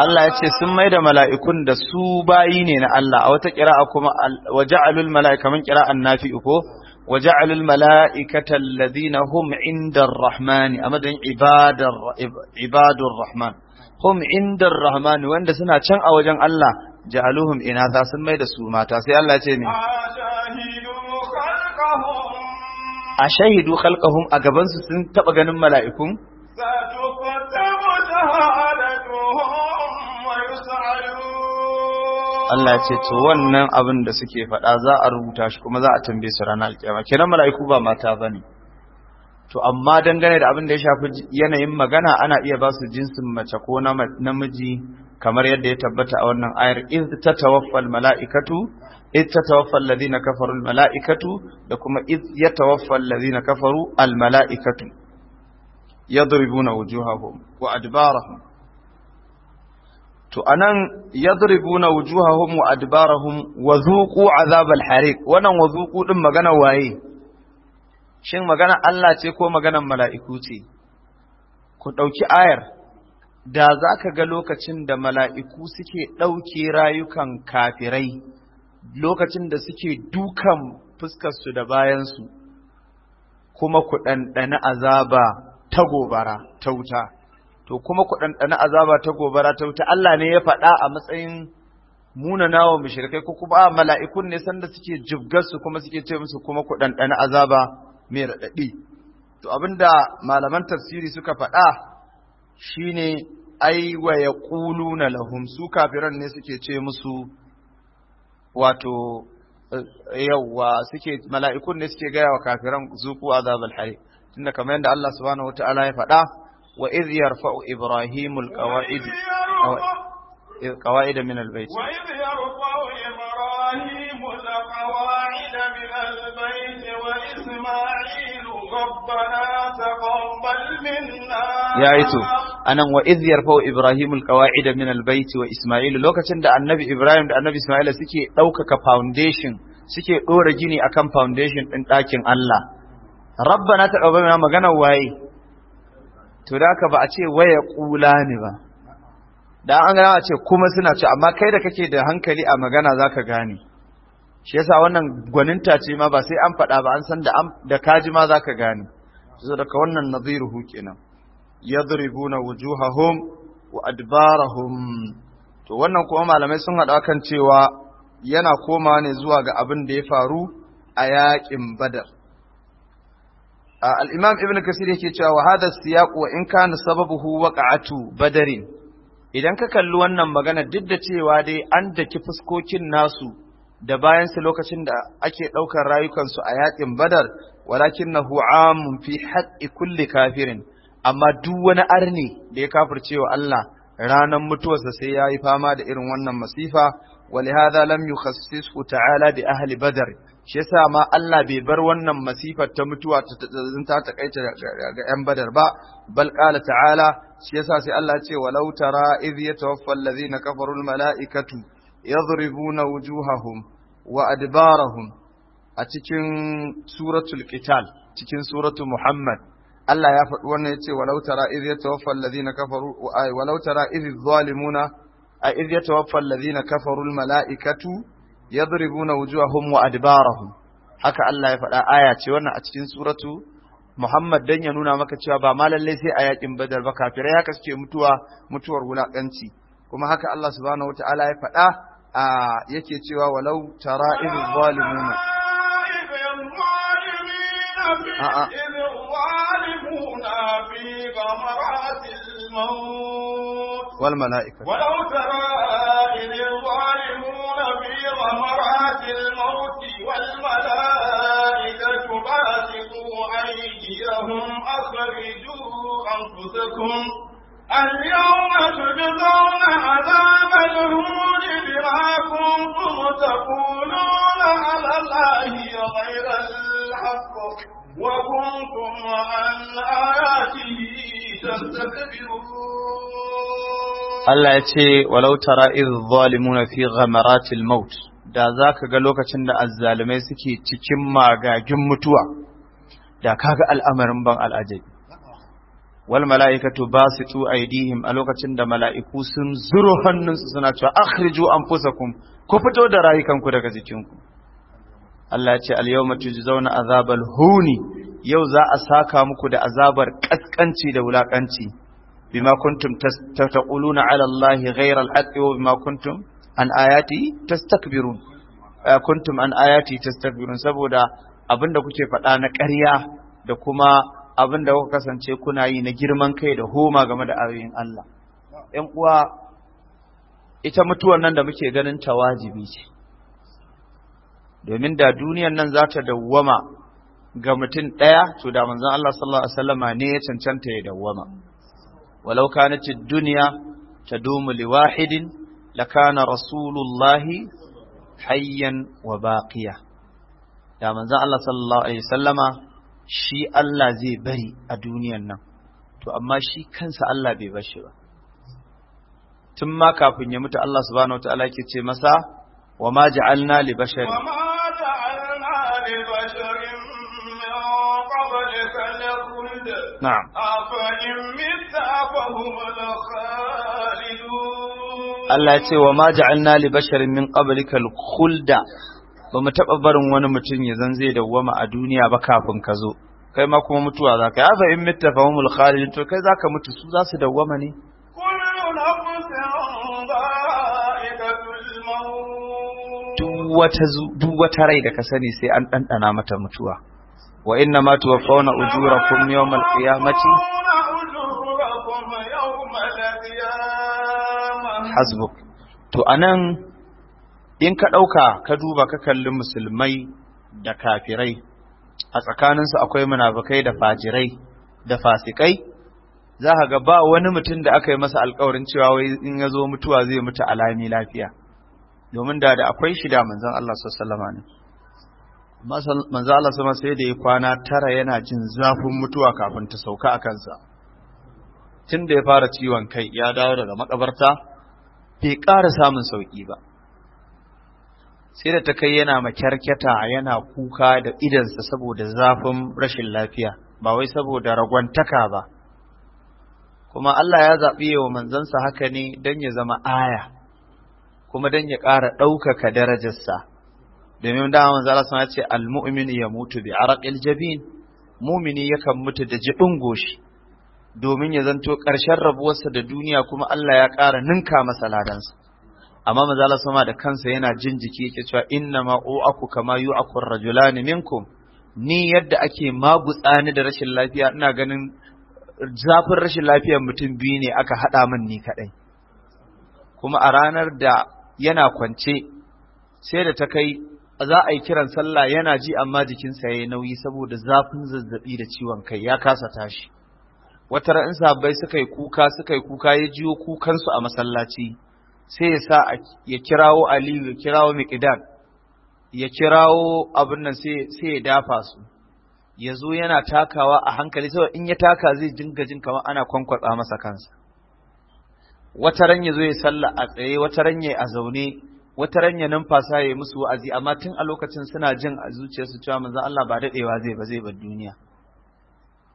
Allah ya ce sun mai da mala'ikun da su bayi ne na Allah a wata ƙira'a kuma waje alil mala'ika min ƙira'an fi uko, waje alil mala'ikata lalazina hum inda rahmani a madan ibadun rahman. Hum inda rahmani wanda suna can a wajen Allah ja'aluhum inatha sun mai da su mata sai Allah ya ce ne a shahidu khalqahum a gaban su sun taba ganin mala'ikun Allah ce to wannan abin da suke faɗa za a rubuta shi kuma za a tambaye su ranar alƙiyama kenan mala'iku ba mata bane to amma dangane da abin da ya shafi yanayin magana ana iya ba su jinsin mace ko namiji kamar yadda ya tabbata a wannan ayar iz tatawaffal mala'ikatu iz tatawaffal ladina kafaru al mala'ikatu da kuma iz yatawaffal ladina kafaru al mala'ikatu yadribuna wujuhahum wa adbarahum to anan yadribuna wujuhahum wa adbarahum wa zuqu azabal hariq wannan wa zuqu din magana waye shin magana Allah ce ko magana mala'iku ce ku dauki ayar da za ka ga lokacin da mala'iku suke ɗauke rayukan kafirai lokacin da suke dukan fuskarsu da bayansu kuma ku ɗanɗani azaba ta gobara ta wuta to kuma ku ɗanɗani azaba ta gobara ta wuta Allah ne ya faɗa a matsayin muna nawa mushrikai ko kuma mala'ikun ne sanda suke jibgarsu kuma suke ce musu kuma ku ɗanɗani azaba mai raɗaɗi to abinda malaman tafsiri suka faɗa shine ai wa yaquluna lahum su kafiran ne suke ce musu wato eh, yawwa suke mala'ikun ne suke gaya wa kafiran zuku azabul hari tunda kamar yadda Allah subhanahu wataala ya faɗa wa iz yarfa'u ibrahimul qawaid قواعد من ya yi a nan, wa iz wa ibrahim idan min albaiti wa isma'il lokacin da annabi ibrahim da annabi isma'il suke ɗaukaka foundation suke ɗora gini akan foundation ɗin ɗakin Allah Rabba na rabbana taqabbal magana waye to da ka ba a ce waya ƙula ne ba da an gana a ce kuma suna ce amma kai da kake da hankali a magana za ka gane shi yasa wannan gwaninta ce ma ba sai an faɗa ba an san da da kaji ma zaka gane so daga wannan nadhiruhu kenan yadribuna wujuhahum wa adbarahum to wannan kuma malamai sun haɗa kan cewa yana koma ne zuwa ga abin da ya faru a yaƙin badar al-imam ibn kasir yake cewa wa hada siyaq wa in kana sababuhu waqa'atu badarin idan ka kalli wannan magana duk da cewa dai an daki fuskokin nasu da bayansu lokacin da ake ɗaukar rayukansu a yaƙin badar walakin na hu'amun fi haƙƙi kulle kafirin amma duk wani arni da ya kafirce wa Allah ranar mutuwarsa sai ya yi fama da irin wannan masifa ولهذا لم يخصصه تعالى بأهل badar. shi yasa ma Allah bai bar wannan masifar ta mutuwa ta ta takaita ga ‘yan badar ba, bal ƙala ta'ala, shi yasa sai Allah ce, walau tara iz ya tawaffa allazina kafarul mala'ikatu yadribuna wujuhahum wa adbarahum a cikin suratul qital cikin suratul muhammad Allah ya faɗi wannan yace walau tara idh yatawaffa alladhina kafaru walau tara idh zalimuna a idh yatawaffa alladhina kafaru almalaikatu yadribuna wujuhahum wa adbarahum haka Allah ya faɗa aya ce wannan a cikin suratu Muhammad dan ya nuna maka cewa ba ma lallai sai a yakin Badar ba kafirai haka suke mutuwa mutuwar wulakanci kuma haka Allah subhanahu wataala ya faɗa a yake cewa walau tara idh zalimuna a'a والملائكة ولو ترى الظالمون في غمرات الموت والملائكة باسطوا أيديهم أخرجوا أنفسكم اليوم تجزون عذاب الهون بما كنتم تقولون على الله غير الحق وكنتم عن آياته تستكبرون الله يتي ولو ترى إذ الظالمون في غمرات الموت da za ka ga lokacin da azzalumai suke cikin magagin mutuwa da kaga al'amarin ban al'ajabi wal mala'ikatu basitu aydihim a lokacin da mala'iku sun zuro hannunsu suna cewa akhriju anfusakum ku fito da rayukanku daga jikinku Allah ce al yawma tujzauna azabal huni yau za a saka muku da azabar kaskanci da wulakanci bima kuntum taquluna ala allahi ghayra al haqqi wa kuntum an ayati tastakbirun eh, kuntum an ayati tastakbirun saboda abinda kuke faɗa na ƙarya da kuma abin da kuka kasance kuna yi na girman kai da homa game da ayoyin Allah ‘yan uwa ita mutuwar nan da muke ganin ta wajibi ce domin da duniyar nan za ta dawwama ga mutum ɗaya to da manzon Allah sallallahu alaihi wasallama ne ya cancanta ya dawwama walau ta ad-dunya tadumu liwahidin lakana rasulullahi hayyan wa baqiya da manzon Allah sallallahu alaihi wasallama shi Allah zai bari a duniyan nan to amma shi kansa Allah bai bar ba tun ma kafin ya mutu Allah subhanahu wataala yake ce masa wa ma ja'alna li basharin Allah ya ce wa ma ja'alna li basharin min qablika khulda ba mu taɓa barin wani mutum ya zan zai dawwama a duniya ba kafin ka zo kai ma kuma mutuwa za ka yi afa in mitta fahimul khalid to kai za ka mutu su za su dawwama ne duk wata rai da ka sani sai an ɗanɗana mata mutuwa wa inna ma tuwaffawna ujurakum yawmal qiyamati hasbuk to anan in ka ɗauka ka duba ka kalli musulmai da kafirai a tsakaninsu akwai munafukai da fajirai da fasikai za ka ga ba wani mutum da aka yi masa alkawarin cewa wai in ya zo mutuwa zai mutu alami lafiya domin da da akwai shida manzon Allah sallallahu alaihi wasallam manzon Allah sama sai da ya kwana tara yana jin zafin mutuwa kafin ta sauka a kansa tun ya fara ciwon kai ya dawo daga makabarta bai ƙara samun sauki ba sai da ta kai yana makyarkyata yana kuka da idansa saboda zafin rashin lafiya ba wai saboda ragwantaka ba kuma Allah ya zaɓi wa manzansa haka ne don ya zama aya kuma don ya ƙara ɗaukaka darajarsa domin da manzo Allah ya ce almu'min ya mutu bi araqil jabin mumini yakan mutu da jibin goshi domin ya zanto ƙarshen rabuwarsa da duniya kuma Allah ya ƙara ninka masa amma maza Allah sama da kansa yana jin jiki yake cewa inna ma aku kama aku rajulani minkum ni yadda ake magutsani da rashin lafiya ina ganin zafin rashin lafiyar mutum biyu ne aka haɗa min ni kaɗai kuma a ranar da yana kwance sai da ta kai za a yi kiran sallah yana ji amma jikinsa ya yi nauyi saboda zafin zazzaɓi da ciwon kai ya kasa tashi wata rain sabbai suka yi kuka suka yi kuka ya jiyo kukansu a masallaci sai ya sa ya kirawo Aliyu ya kirawo Miqdad ya kirawo abin nan sai ya dafa su ya zo yana takawa a hankali saboda in ya taka zai dinga jin kamar ana kwankwatsa masa kansa wata ran ya zo ya salla a tsaye wata ran ya a zaune wata ran ya numfasa ya musu wa'azi amma tun a lokacin suna jin a zuciyarsu cewa manzon Allah ba dadewa zai ba zai bar duniya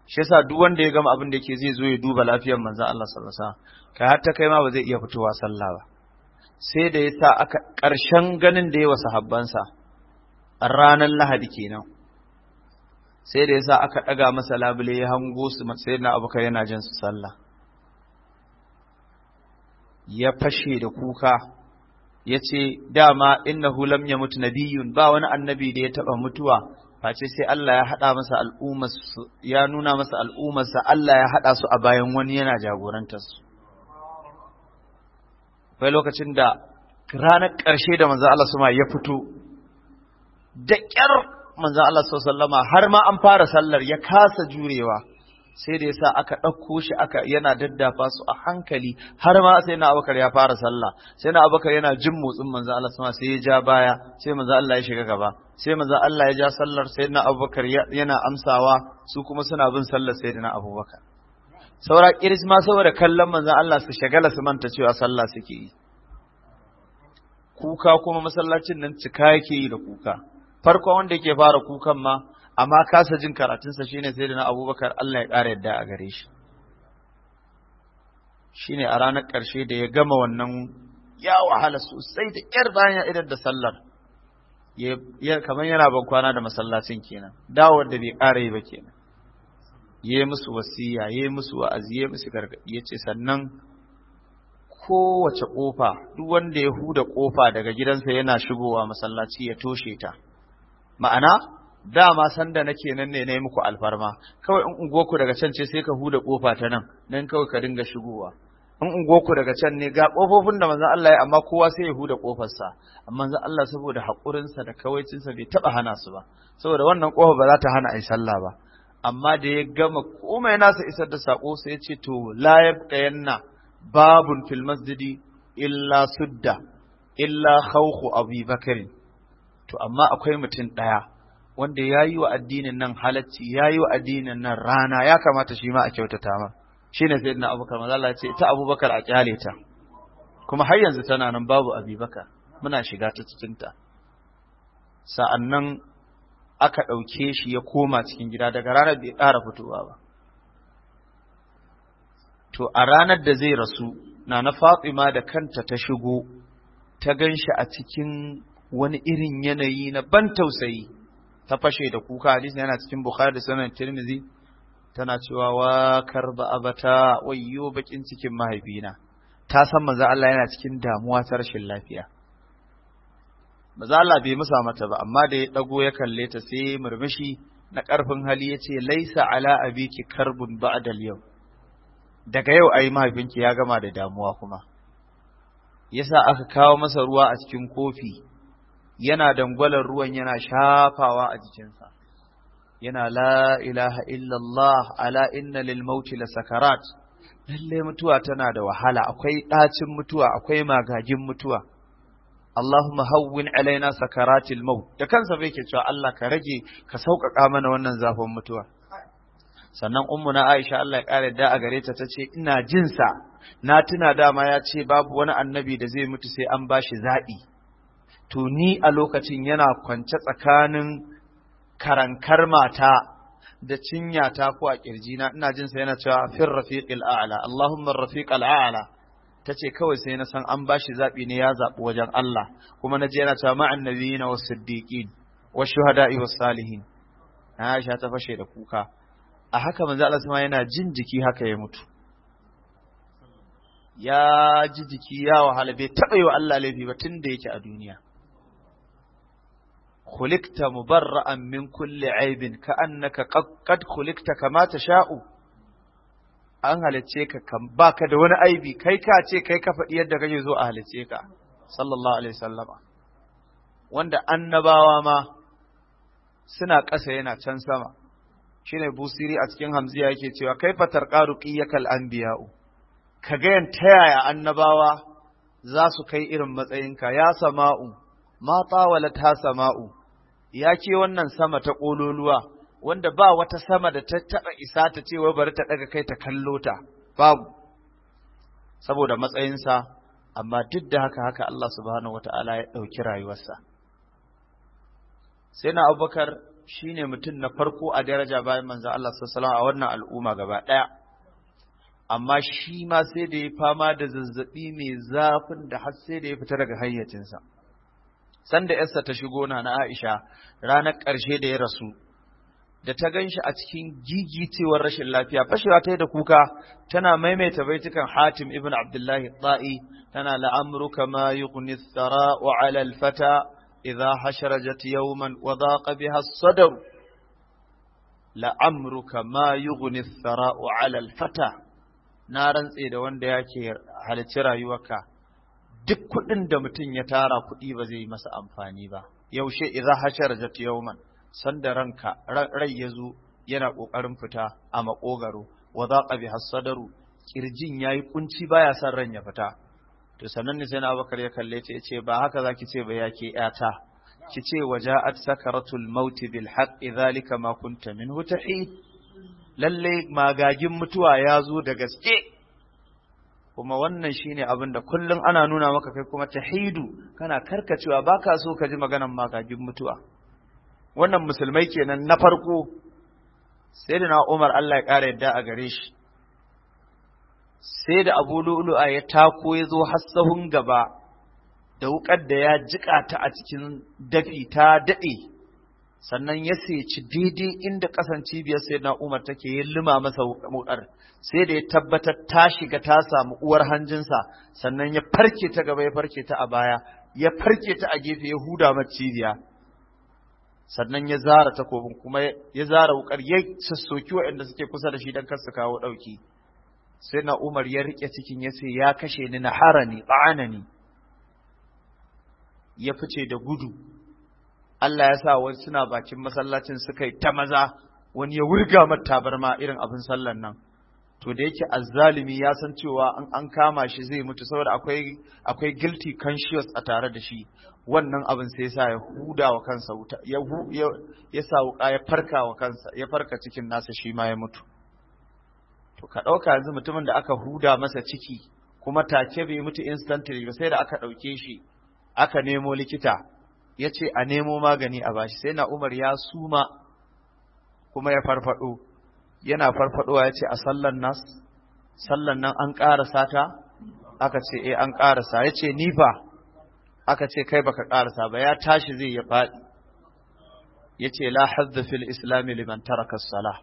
shi yasa duk wanda ya gama abin da yake zai zo ya duba lafiyar manzon Allah sallallahu alaihi wasallam kai har ta kai ma ba zai iya fitowa sallah ba sai da ya sa aka ƙarshen ganin da ya wasu sahabbansa ranar lahadi kenan sai da ya sa aka ɗaga masa labule ya hango su sai na abokan yana jin su sallah ya fashe da kuka ya ce dama na hulam ya mutu nabiyun ba wani annabi da ya taɓa mutuwa face sai Allah ya haɗa masa al'ummarsu ya nuna masa al'ummarsa Allah ya haɗa su a bayan wani yana jagorantarsu akwai lokacin da ranar ƙarshe da manzan Allah su ya fito da ƙyar manzan Allah sallama har ma an fara sallar ya kasa jurewa sai da ya sa aka ɗauko shi aka yana daddafa su a hankali har ma sai na abokar ya fara sallah sai na abokar yana jin motsin manzan Allah suma sai ya ja baya sai manzan Allah ya shiga gaba sai manzan Allah ya ja sallar sai na abokar yana amsawa su kuma suna bin sallar sai na abubakar saura kirisma saboda kallon manzon Allah su shagala su manta cewa sallah suke yi kuka kuma masallacin nan cika yake yi da kuka farko wanda yake fara kukan ma amma kasa jin karatun sa shine sai da na abubakar Allah ya ƙara yadda a gare shi shine a ranar ƙarshe da ya gama wannan ya wahala sosai da ƙyar bayan ya idar da sallar kamar yana ban kwana da masallacin kenan dawowar da bai ƙara yi ba kenan ya musu wasiya ya musu wa'azi ya musu gargaɗi ya sannan kowace ƙofa duk wanda ya huda ƙofa daga gidansa yana shigowa masallaci ya toshe ta ma'ana dama sanda nake nan ne nayi muku alfarma kawai in unguwarku daga can ce sai ka huda ƙofa ta nan nan kawai ka dinga shigowa in unguwarku daga can ne ga ƙofofin da manzon Allah ya amma kowa sai ya huda ƙofarsa amma manzon Allah saboda haƙurinsa da kawaicinsa bai taɓa hana su ba saboda wannan ƙofa ba za ta hana ai sallah ba amma da ya gama komai nasa isar da sako sai ya ce to la yanna babun fil masjidi illa sudda illa khawkhu abi bakr to amma akwai mutum daya wanda ya yi wa addinin nan halacci ya yi wa addinin nan rana ya kamata shi ma a kyautata ma shi ne sayyidina abubakar maza Allah ce ta abubakar a kyale ta kuma har yanzu tana nan babu abubakar muna shiga ta cikinta sa'annan aka ɗauke shi ya koma cikin gida daga ranar bai ƙara fitowa ba to a ranar da zai rasu na na fatima da kanta ta shigo ta gan shi a cikin wani irin yanayi na ban tausayi ta fashe da kuka hadisin yana cikin bukhari da sanar tirmizi tana cewa wa karba abata wayo bakin cikin mahaifina ta san maza Allah yana cikin damuwa ta rashin lafiya maza Allah bai musa mata ba amma da ya ɗago ya kalle ta sai murmushi na ƙarfin hali ya ce laisa ala abiki karbun ba'dal yau daga yau ai mahaifinki ya gama da damuwa kuma yasa aka kawo masa ruwa a cikin kofi yana dangwalar ruwan yana shafawa a jikinsa yana la ilaha illallah ala inna lil mauti la sakarat Lallai mutuwa tana da wahala akwai ɗacin mutuwa akwai magagin mutuwa Allahumma hawwin alaina sakaratil maut da kansa bai ke cewa Allah ka rage ka sauƙaƙa mana wannan zafin mutuwa sannan na Aisha Allah ya ƙara da a gare ta tace ina jin sa na tuna dama ya ce babu wani annabi da zai mutu sai an bashi zaɓi to ni a lokacin yana kwance tsakanin karankar mata da cinya ta ko a na, ina jin sa yana cewa fir rafiqil a'la Allahumma rafiqal a'la ta ce kawai sai na san an ba shi zaɓi ne ya zaɓi wajen Allah kuma na je yana cewa ma'an nabiyina was wasu was shuhada'i wasu salihin Aisha ta fashe da kuka a haka manzo Allah sama yana jin jiki haka ya mutu ya ji jiki ya wahala bai taɓa yi wa Allah laifi ba tun da yake a duniya mu mubarra'an min kulle aibin ka annaka qad kulikta kama tasha'u an halicce ka kan baka da wani aibi kai ka ce kai ka faɗi yadda kake zo a halicce ka sallallahu alaihi sallama wanda annabawa ma suna ƙasa yana can sama shine busiri a cikin hamziya yake cewa kai fatar yakal anbiya'u ka ga yan ta yaya annabawa za su kai irin matsayin ka ya sama'u ma tsawalat ha sama'u ya ke wannan sama ta kololuwa wanda ba wata sama da ta taɓa isa ta ce wai bari ta ɗaga kai ta kallo ta babu saboda matsayinsa amma duk da haka haka Allah subhanahu wata'ala ya ɗauki rayuwarsa sai na abubakar shi ne mutum na farko a daraja bayan manzan Allah sassalam a wannan al'umma gaba ɗaya amma shi ma sai da ya fama da zazzaɓi mai zafin da har sai da ya fita daga hayyacinsa sanda yarsa ta shigo na na Aisha ranar ƙarshe da ya rasu da ta gan shi a cikin gigicewar rashin lafiya fashewa ta yi da kuka tana maimaita baitukan hatim ibn abdullahi ta'i tana la'amruka ma yi thara wa alalfata idan jati hasharajat yawman wa daqa la'amruka ma yi thara wa alalfata na rantse da wanda yake halicci rayuwarka duk kuɗin da mutum ya tara kuɗi ba zai masa amfani ba yaushe jati hasharajat yawman sanda ranka rai ya zo yana ƙoƙarin fita a maƙogaro wa za ka bi hassadaru ƙirjin ya yi ƙunci ya son ran ya fita to sannan ne sai na abakar ya kalle ta ya ce ba haka za ki ce ba ya ke ƴata ki ce wa ja'at sakaratul mauti bil haqqi zalika ma kunta min hutahi lalle magagin mutuwa ya zo da gaske kuma wannan shine abin da kullum ana nuna maka kai kuma tahidu kana karkacewa baka so ka ji maganar magagin mutuwa wannan musulmai kenan na farko sai da na Umar Allah ya ƙara yadda a gare shi sai da Abu Lu'lu'a ya tako ya zo hassahun gaba da wukar da ya jika ta a cikin dafi ta daɗe sannan ya seci daidai inda ƙasan cibiyar sai na Umar take ya lima masa wukar sai da ya tabbatar ta shiga ta samu uwar hanjinsa sannan ya farke ta gaba ya farke ta a baya ya farke ta a gefe ya huda cibiya. sannan ya zara takobin kuma ya zara wukar ya sassoki waɗanda suke kusa da shi don kar su kawo ɗauki sai na umar ya riƙe cikin ya ce ya kashe ni na harani ba'anani ya fice da gudu Allah ya sa wani suna bakin masallacin suka yi ta maza wani ya wurga mata barma irin abin sallan nan to da yake azzalimi ya san cewa in an kama shi zai mutu saboda akwai akwai guilty conscious a tare da shi wannan abin sai sa ya huda wa kansa wuta ya ya sa wuka ya farka wa kansa ya farka cikin nasa shi ma ya mutu to ka dauka yanzu mutumin da aka huda masa ciki kuma take bai mutu instantly ba sai da aka dauke shi aka nemo likita ya ce a nemo magani a bashi sai na Umar ya suma kuma ya farfado yana farfadowa ya ce a sallan nas sallan nan an ƙarasa ta aka ce eh an ƙarasa ya ce ni fa aka ce kai baka ƙarasa ba ya tashi zai ya faɗi ya ce la hadda fil islami liman taraka sala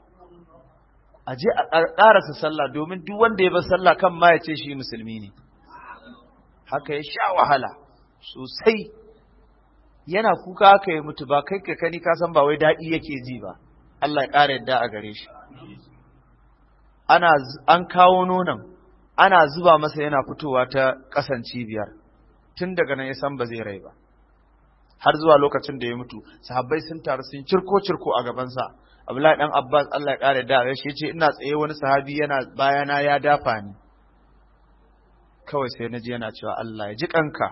a je a ƙarasa sallah domin duk wanda ya bar sallah kan ma ya ce shi musulmi ne haka ya sha wahala sosai yana kuka haka ya mutu ba kai ka kani ka san ba wai daɗi yake ji ba Allah ya ƙara yadda a gare shi an kawo nonon ana zuba masa yana fitowa ta ƙasan cibiyar tun daga nan ya san ba zai rai ba har zuwa lokacin da ya mutu sahabbai sun taru sun cirko cirko a gabansa Abdullahi dan Abbas Allah ya ƙara kare da ya ce ina tsaye wani sahabi yana bayana ya dafa ni kawai sai na ji yana cewa Allah ya ji ƙanka,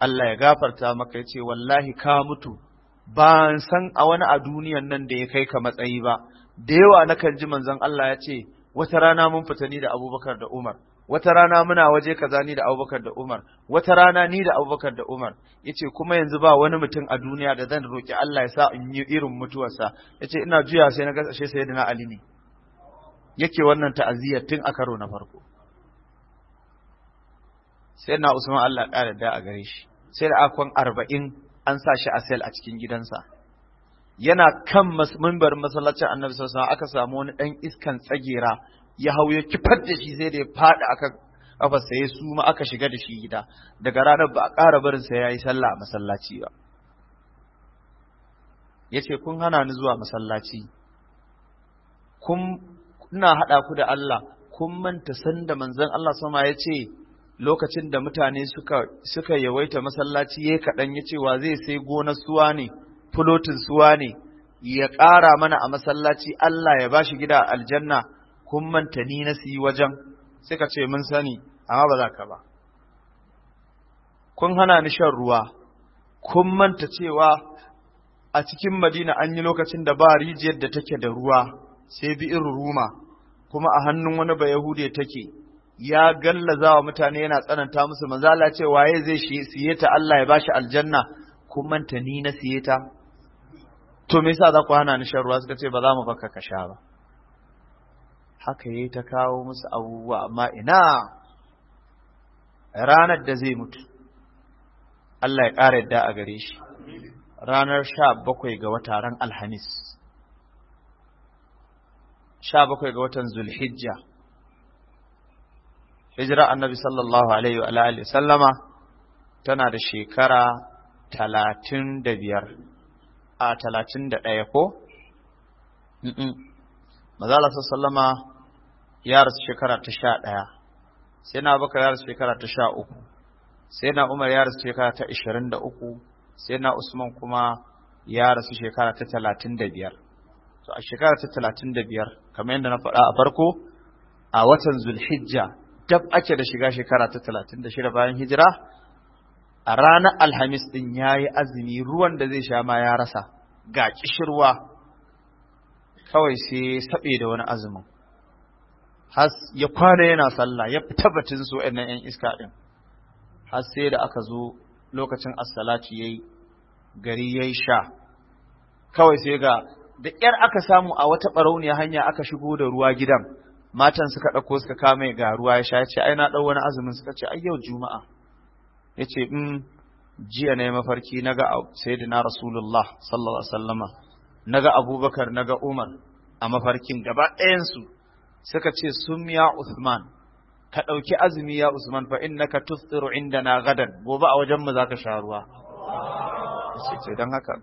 Allah ya gafarta maka ya ce wallahi ka mutu ba san a wani a duniyan nan da ya kai ka matsayi ba da yawa na kan ji manzon Allah ya ce wata rana mun fita ni da Abubakar da Umar wata rana muna waje kaza ni da Abubakar da Umar wata rana ni da Abubakar da Umar yace kuma yanzu ba wani mutum a duniya da zan roki Allah ya sa in yi irin mutuwarsa yace ina juya sai na ga ashe sayyidina Ali ne yake wannan ta'aziyya tun a karo na farko sai na Usman Allah ƙara da a gare shi sai da akon arba'in an sa shi a sel a cikin gidansa yana kan mimbar masallacin annabi sallallahu alaihi aka samu wani dan iskan tsagera ya hau ya kifar da shi sai da ya fada aka sai ya suma aka shiga da shi gida daga ranar ba a ƙara barinsa ya yi sallah a masallaci ba Yace kun hana ni zuwa masallaci kun ina haɗa ku da Allah kun manta sanda manzon Allah sama ya ce lokacin da mutane suka suka yawaita masallaci yayi kaɗan ya cewa zai sai gonar suwa ne fulotin suwa ne ya ƙara mana a masallaci Allah ya bashi gida aljanna kun manta ni na siyi wajen suka ce mun sani amma ba za ka ba kun hana ni shan ruwa kun manta cewa a cikin Madina an yi lokacin da ba rijiyar da take da ruwa sai bi irin ruma kuma a hannun wani ba Yahudiya take ya gallaza wa mutane yana tsananta musu manzo Allah ce waye zai siye ta Allah ya bashi aljanna kun manta ni na siye ta to me yasa za ku hana ni shan ruwa suka ce ba za mu baka ka sha ba haka yayi ta kawo musu abubuwa amma ina ranar da zai mutu Allah ya ƙara yadda a gare shi ranar sha bakwai ga wata ran alhamis sha bakwai ga watan zulhijja hijira annabi sallallahu alaihi wa alihi sallama tana da shekara talatin da biyar a talatin da ɗaya ko? mazala sallama ya rasu shekara ta sha ɗaya sai na bakar ya rasu shekara ta sha uku sai na umar ya rasu shekara ta ishirin da uku sai na usman kuma ya rasu shekara ta talatin da biyar to a shekara ta talatin da biyar kamar yadda na faɗa a farko a watan zulhijja dab ake da shiga shekara ta talatin da shida bayan hijira a ranar alhamis ɗin ya yi azumi ruwan da zai sha ma ya rasa ga kishirwa kawai sai saɓe da wani azumin has ya kwana yana sallah ya fi tabbatin su ɗan ‘yan iska ɗin Has sai da aka zo lokacin asalaci ya yi gari ya yi sha kawai sai ga da ƙyar aka samu a wata ɓarauniya hanya aka shigo da ruwa gidan matan suka ɗauko suka kame mai garuwa ya sha ya ce ai na ɗau wani azumin suka ce ai yau juma'a ya ce in mm, jiya na mafarki na ga na rasulullah sallallahu alaihi wasallama na ga abubakar na ga umar a mafarkin gaba ɗayansu suka ce sun ya usman ka ɗauki azumi ya usman fa tuftiru inda na gadan gobe a wajenmu za ka sha ruwa ce don haka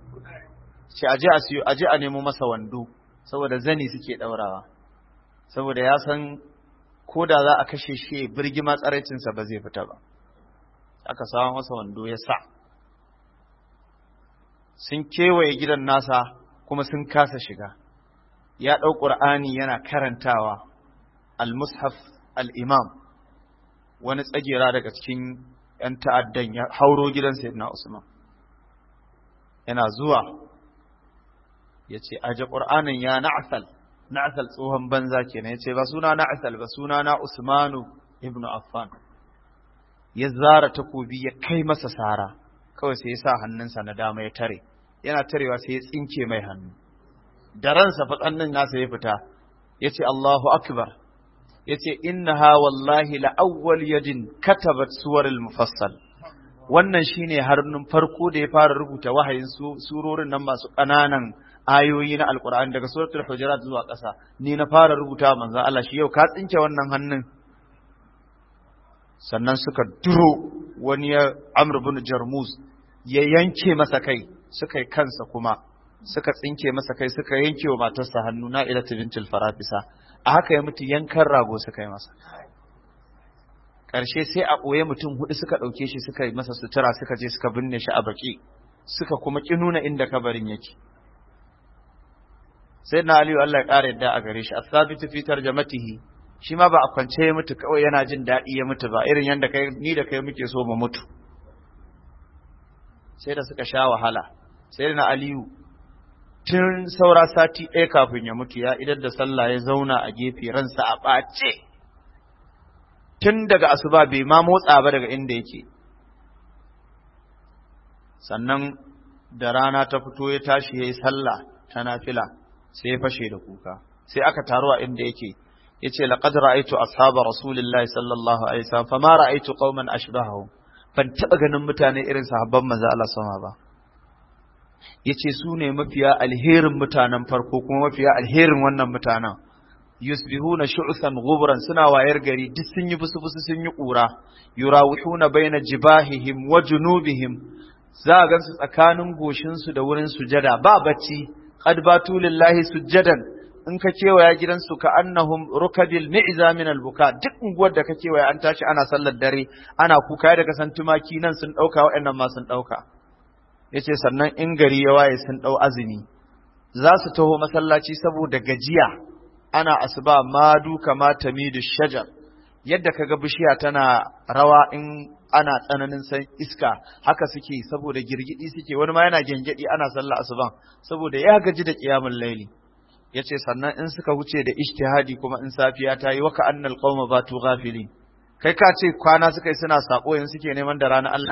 ce a siyo a nemo masa wando saboda zani suke ɗaurawa saboda ya san ko da za a kashe shi birgima tsaraicinsa ba zai fita ba aka samu masa wando ya sa sun kewaye gidan nasa kuma sun kasa shiga ya ɗau ƙur'ani yana karantawa al-mushaf al-imam wani tsagera daga cikin 'yan ta'addan ya hauro gidan sayyidina usman yana zuwa ya ce aje ƙur'anin ya na'asal na'sal tsohon banza kenan yace ba suna na'sal ba suna na Usmanu ibn Affan ya zara takobi ya kai masa sara kawai sai ya sa hannunsa na dama ya tare yana tarewa sai ya tsinke mai hannu da ransa fatsannin nasa ya fita yace Allahu akbar yace innaha wallahi la awwal yadin katabat suwaril mufassal wannan shine hannun farko da ya fara rubuta wahayin surorin nan masu ƙananan ayoyi na alkur'ani daga suratul hujurat zuwa ƙasa ni na fara rubuta manzon Allah shi yau ka tsinke wannan hannun sannan suka duro wani ya Amr ibn Jarmus ya yanke masa kai suka yi kansa kuma suka tsinke masa kai suka yanke wa matarsa hannu na ila bintul farafisa a haka ya mutu yankan rago suka yi masa ƙarshe sai a ɓoye mutum hudu suka ɗauke shi suka yi masa sutura suka je suka binne shi a baki suka kuma ƙi nuna inda kabarin yake sai na aliyu Allah ya ƙara yadda a gare shi a sabitu fi tarjamatihi shi ma ba a kwance ya mutu kawai yana jin daɗi ya mutu ba irin yadda kai ni da kai muke so mu mutu sai da suka sha wahala sai na aliyu tun saura sati ɗaya kafin ya mutu ya idar da sallah ya zauna a gefe ransa a ɓace tun daga asuba bai ma motsa ba daga inda yake sannan da rana ta fito ya tashi ya yi sallah ta nafila sai ya fashe da kuka sai aka taru a inda yake yace laqad ra'aytu ashabar rasulillahi sallallahu alaihi wasallam ma ra'aytu qauman ashbahahum ban taba ganin mutane irin sahabban manzo Allah sama ba yace su ne mafiya alherin mutanen farko kuma mafiya alherin wannan mutanen yusbihuna shu'san ghubran suna wayar gari duk sun yi busu-busu sun yi kura yurawihuna baina jibahihim wa junubihim za a gansu tsakanin goshinsu da wurin sujada ba bacci qad batu lillahi sujjadan in ka kewaya gidansu ka annahum rukabil mi'za min albuka duk unguwar da ka kewaya an tashi ana sallar dare ana kuka da kasan tumaki nan sun dauka waɗannan ma sun dauka yace sannan in gari ya waye sun dau azumi za su taho masallaci saboda gajiya ana asuba madu kama tamidu shajar yadda kaga bishiya tana rawa in ana tsananin san iska haka suke saboda girgidi suke wani ma yana gengedi ana sallah asuban saboda ya gaji da qiyamul laili yace sannan in suka wuce da ijtihadi kuma in safiya ta yi waka annal qauma batu ghafilin kai ka ce kwana suka yi suna sako yanzu suke neman da rana Allah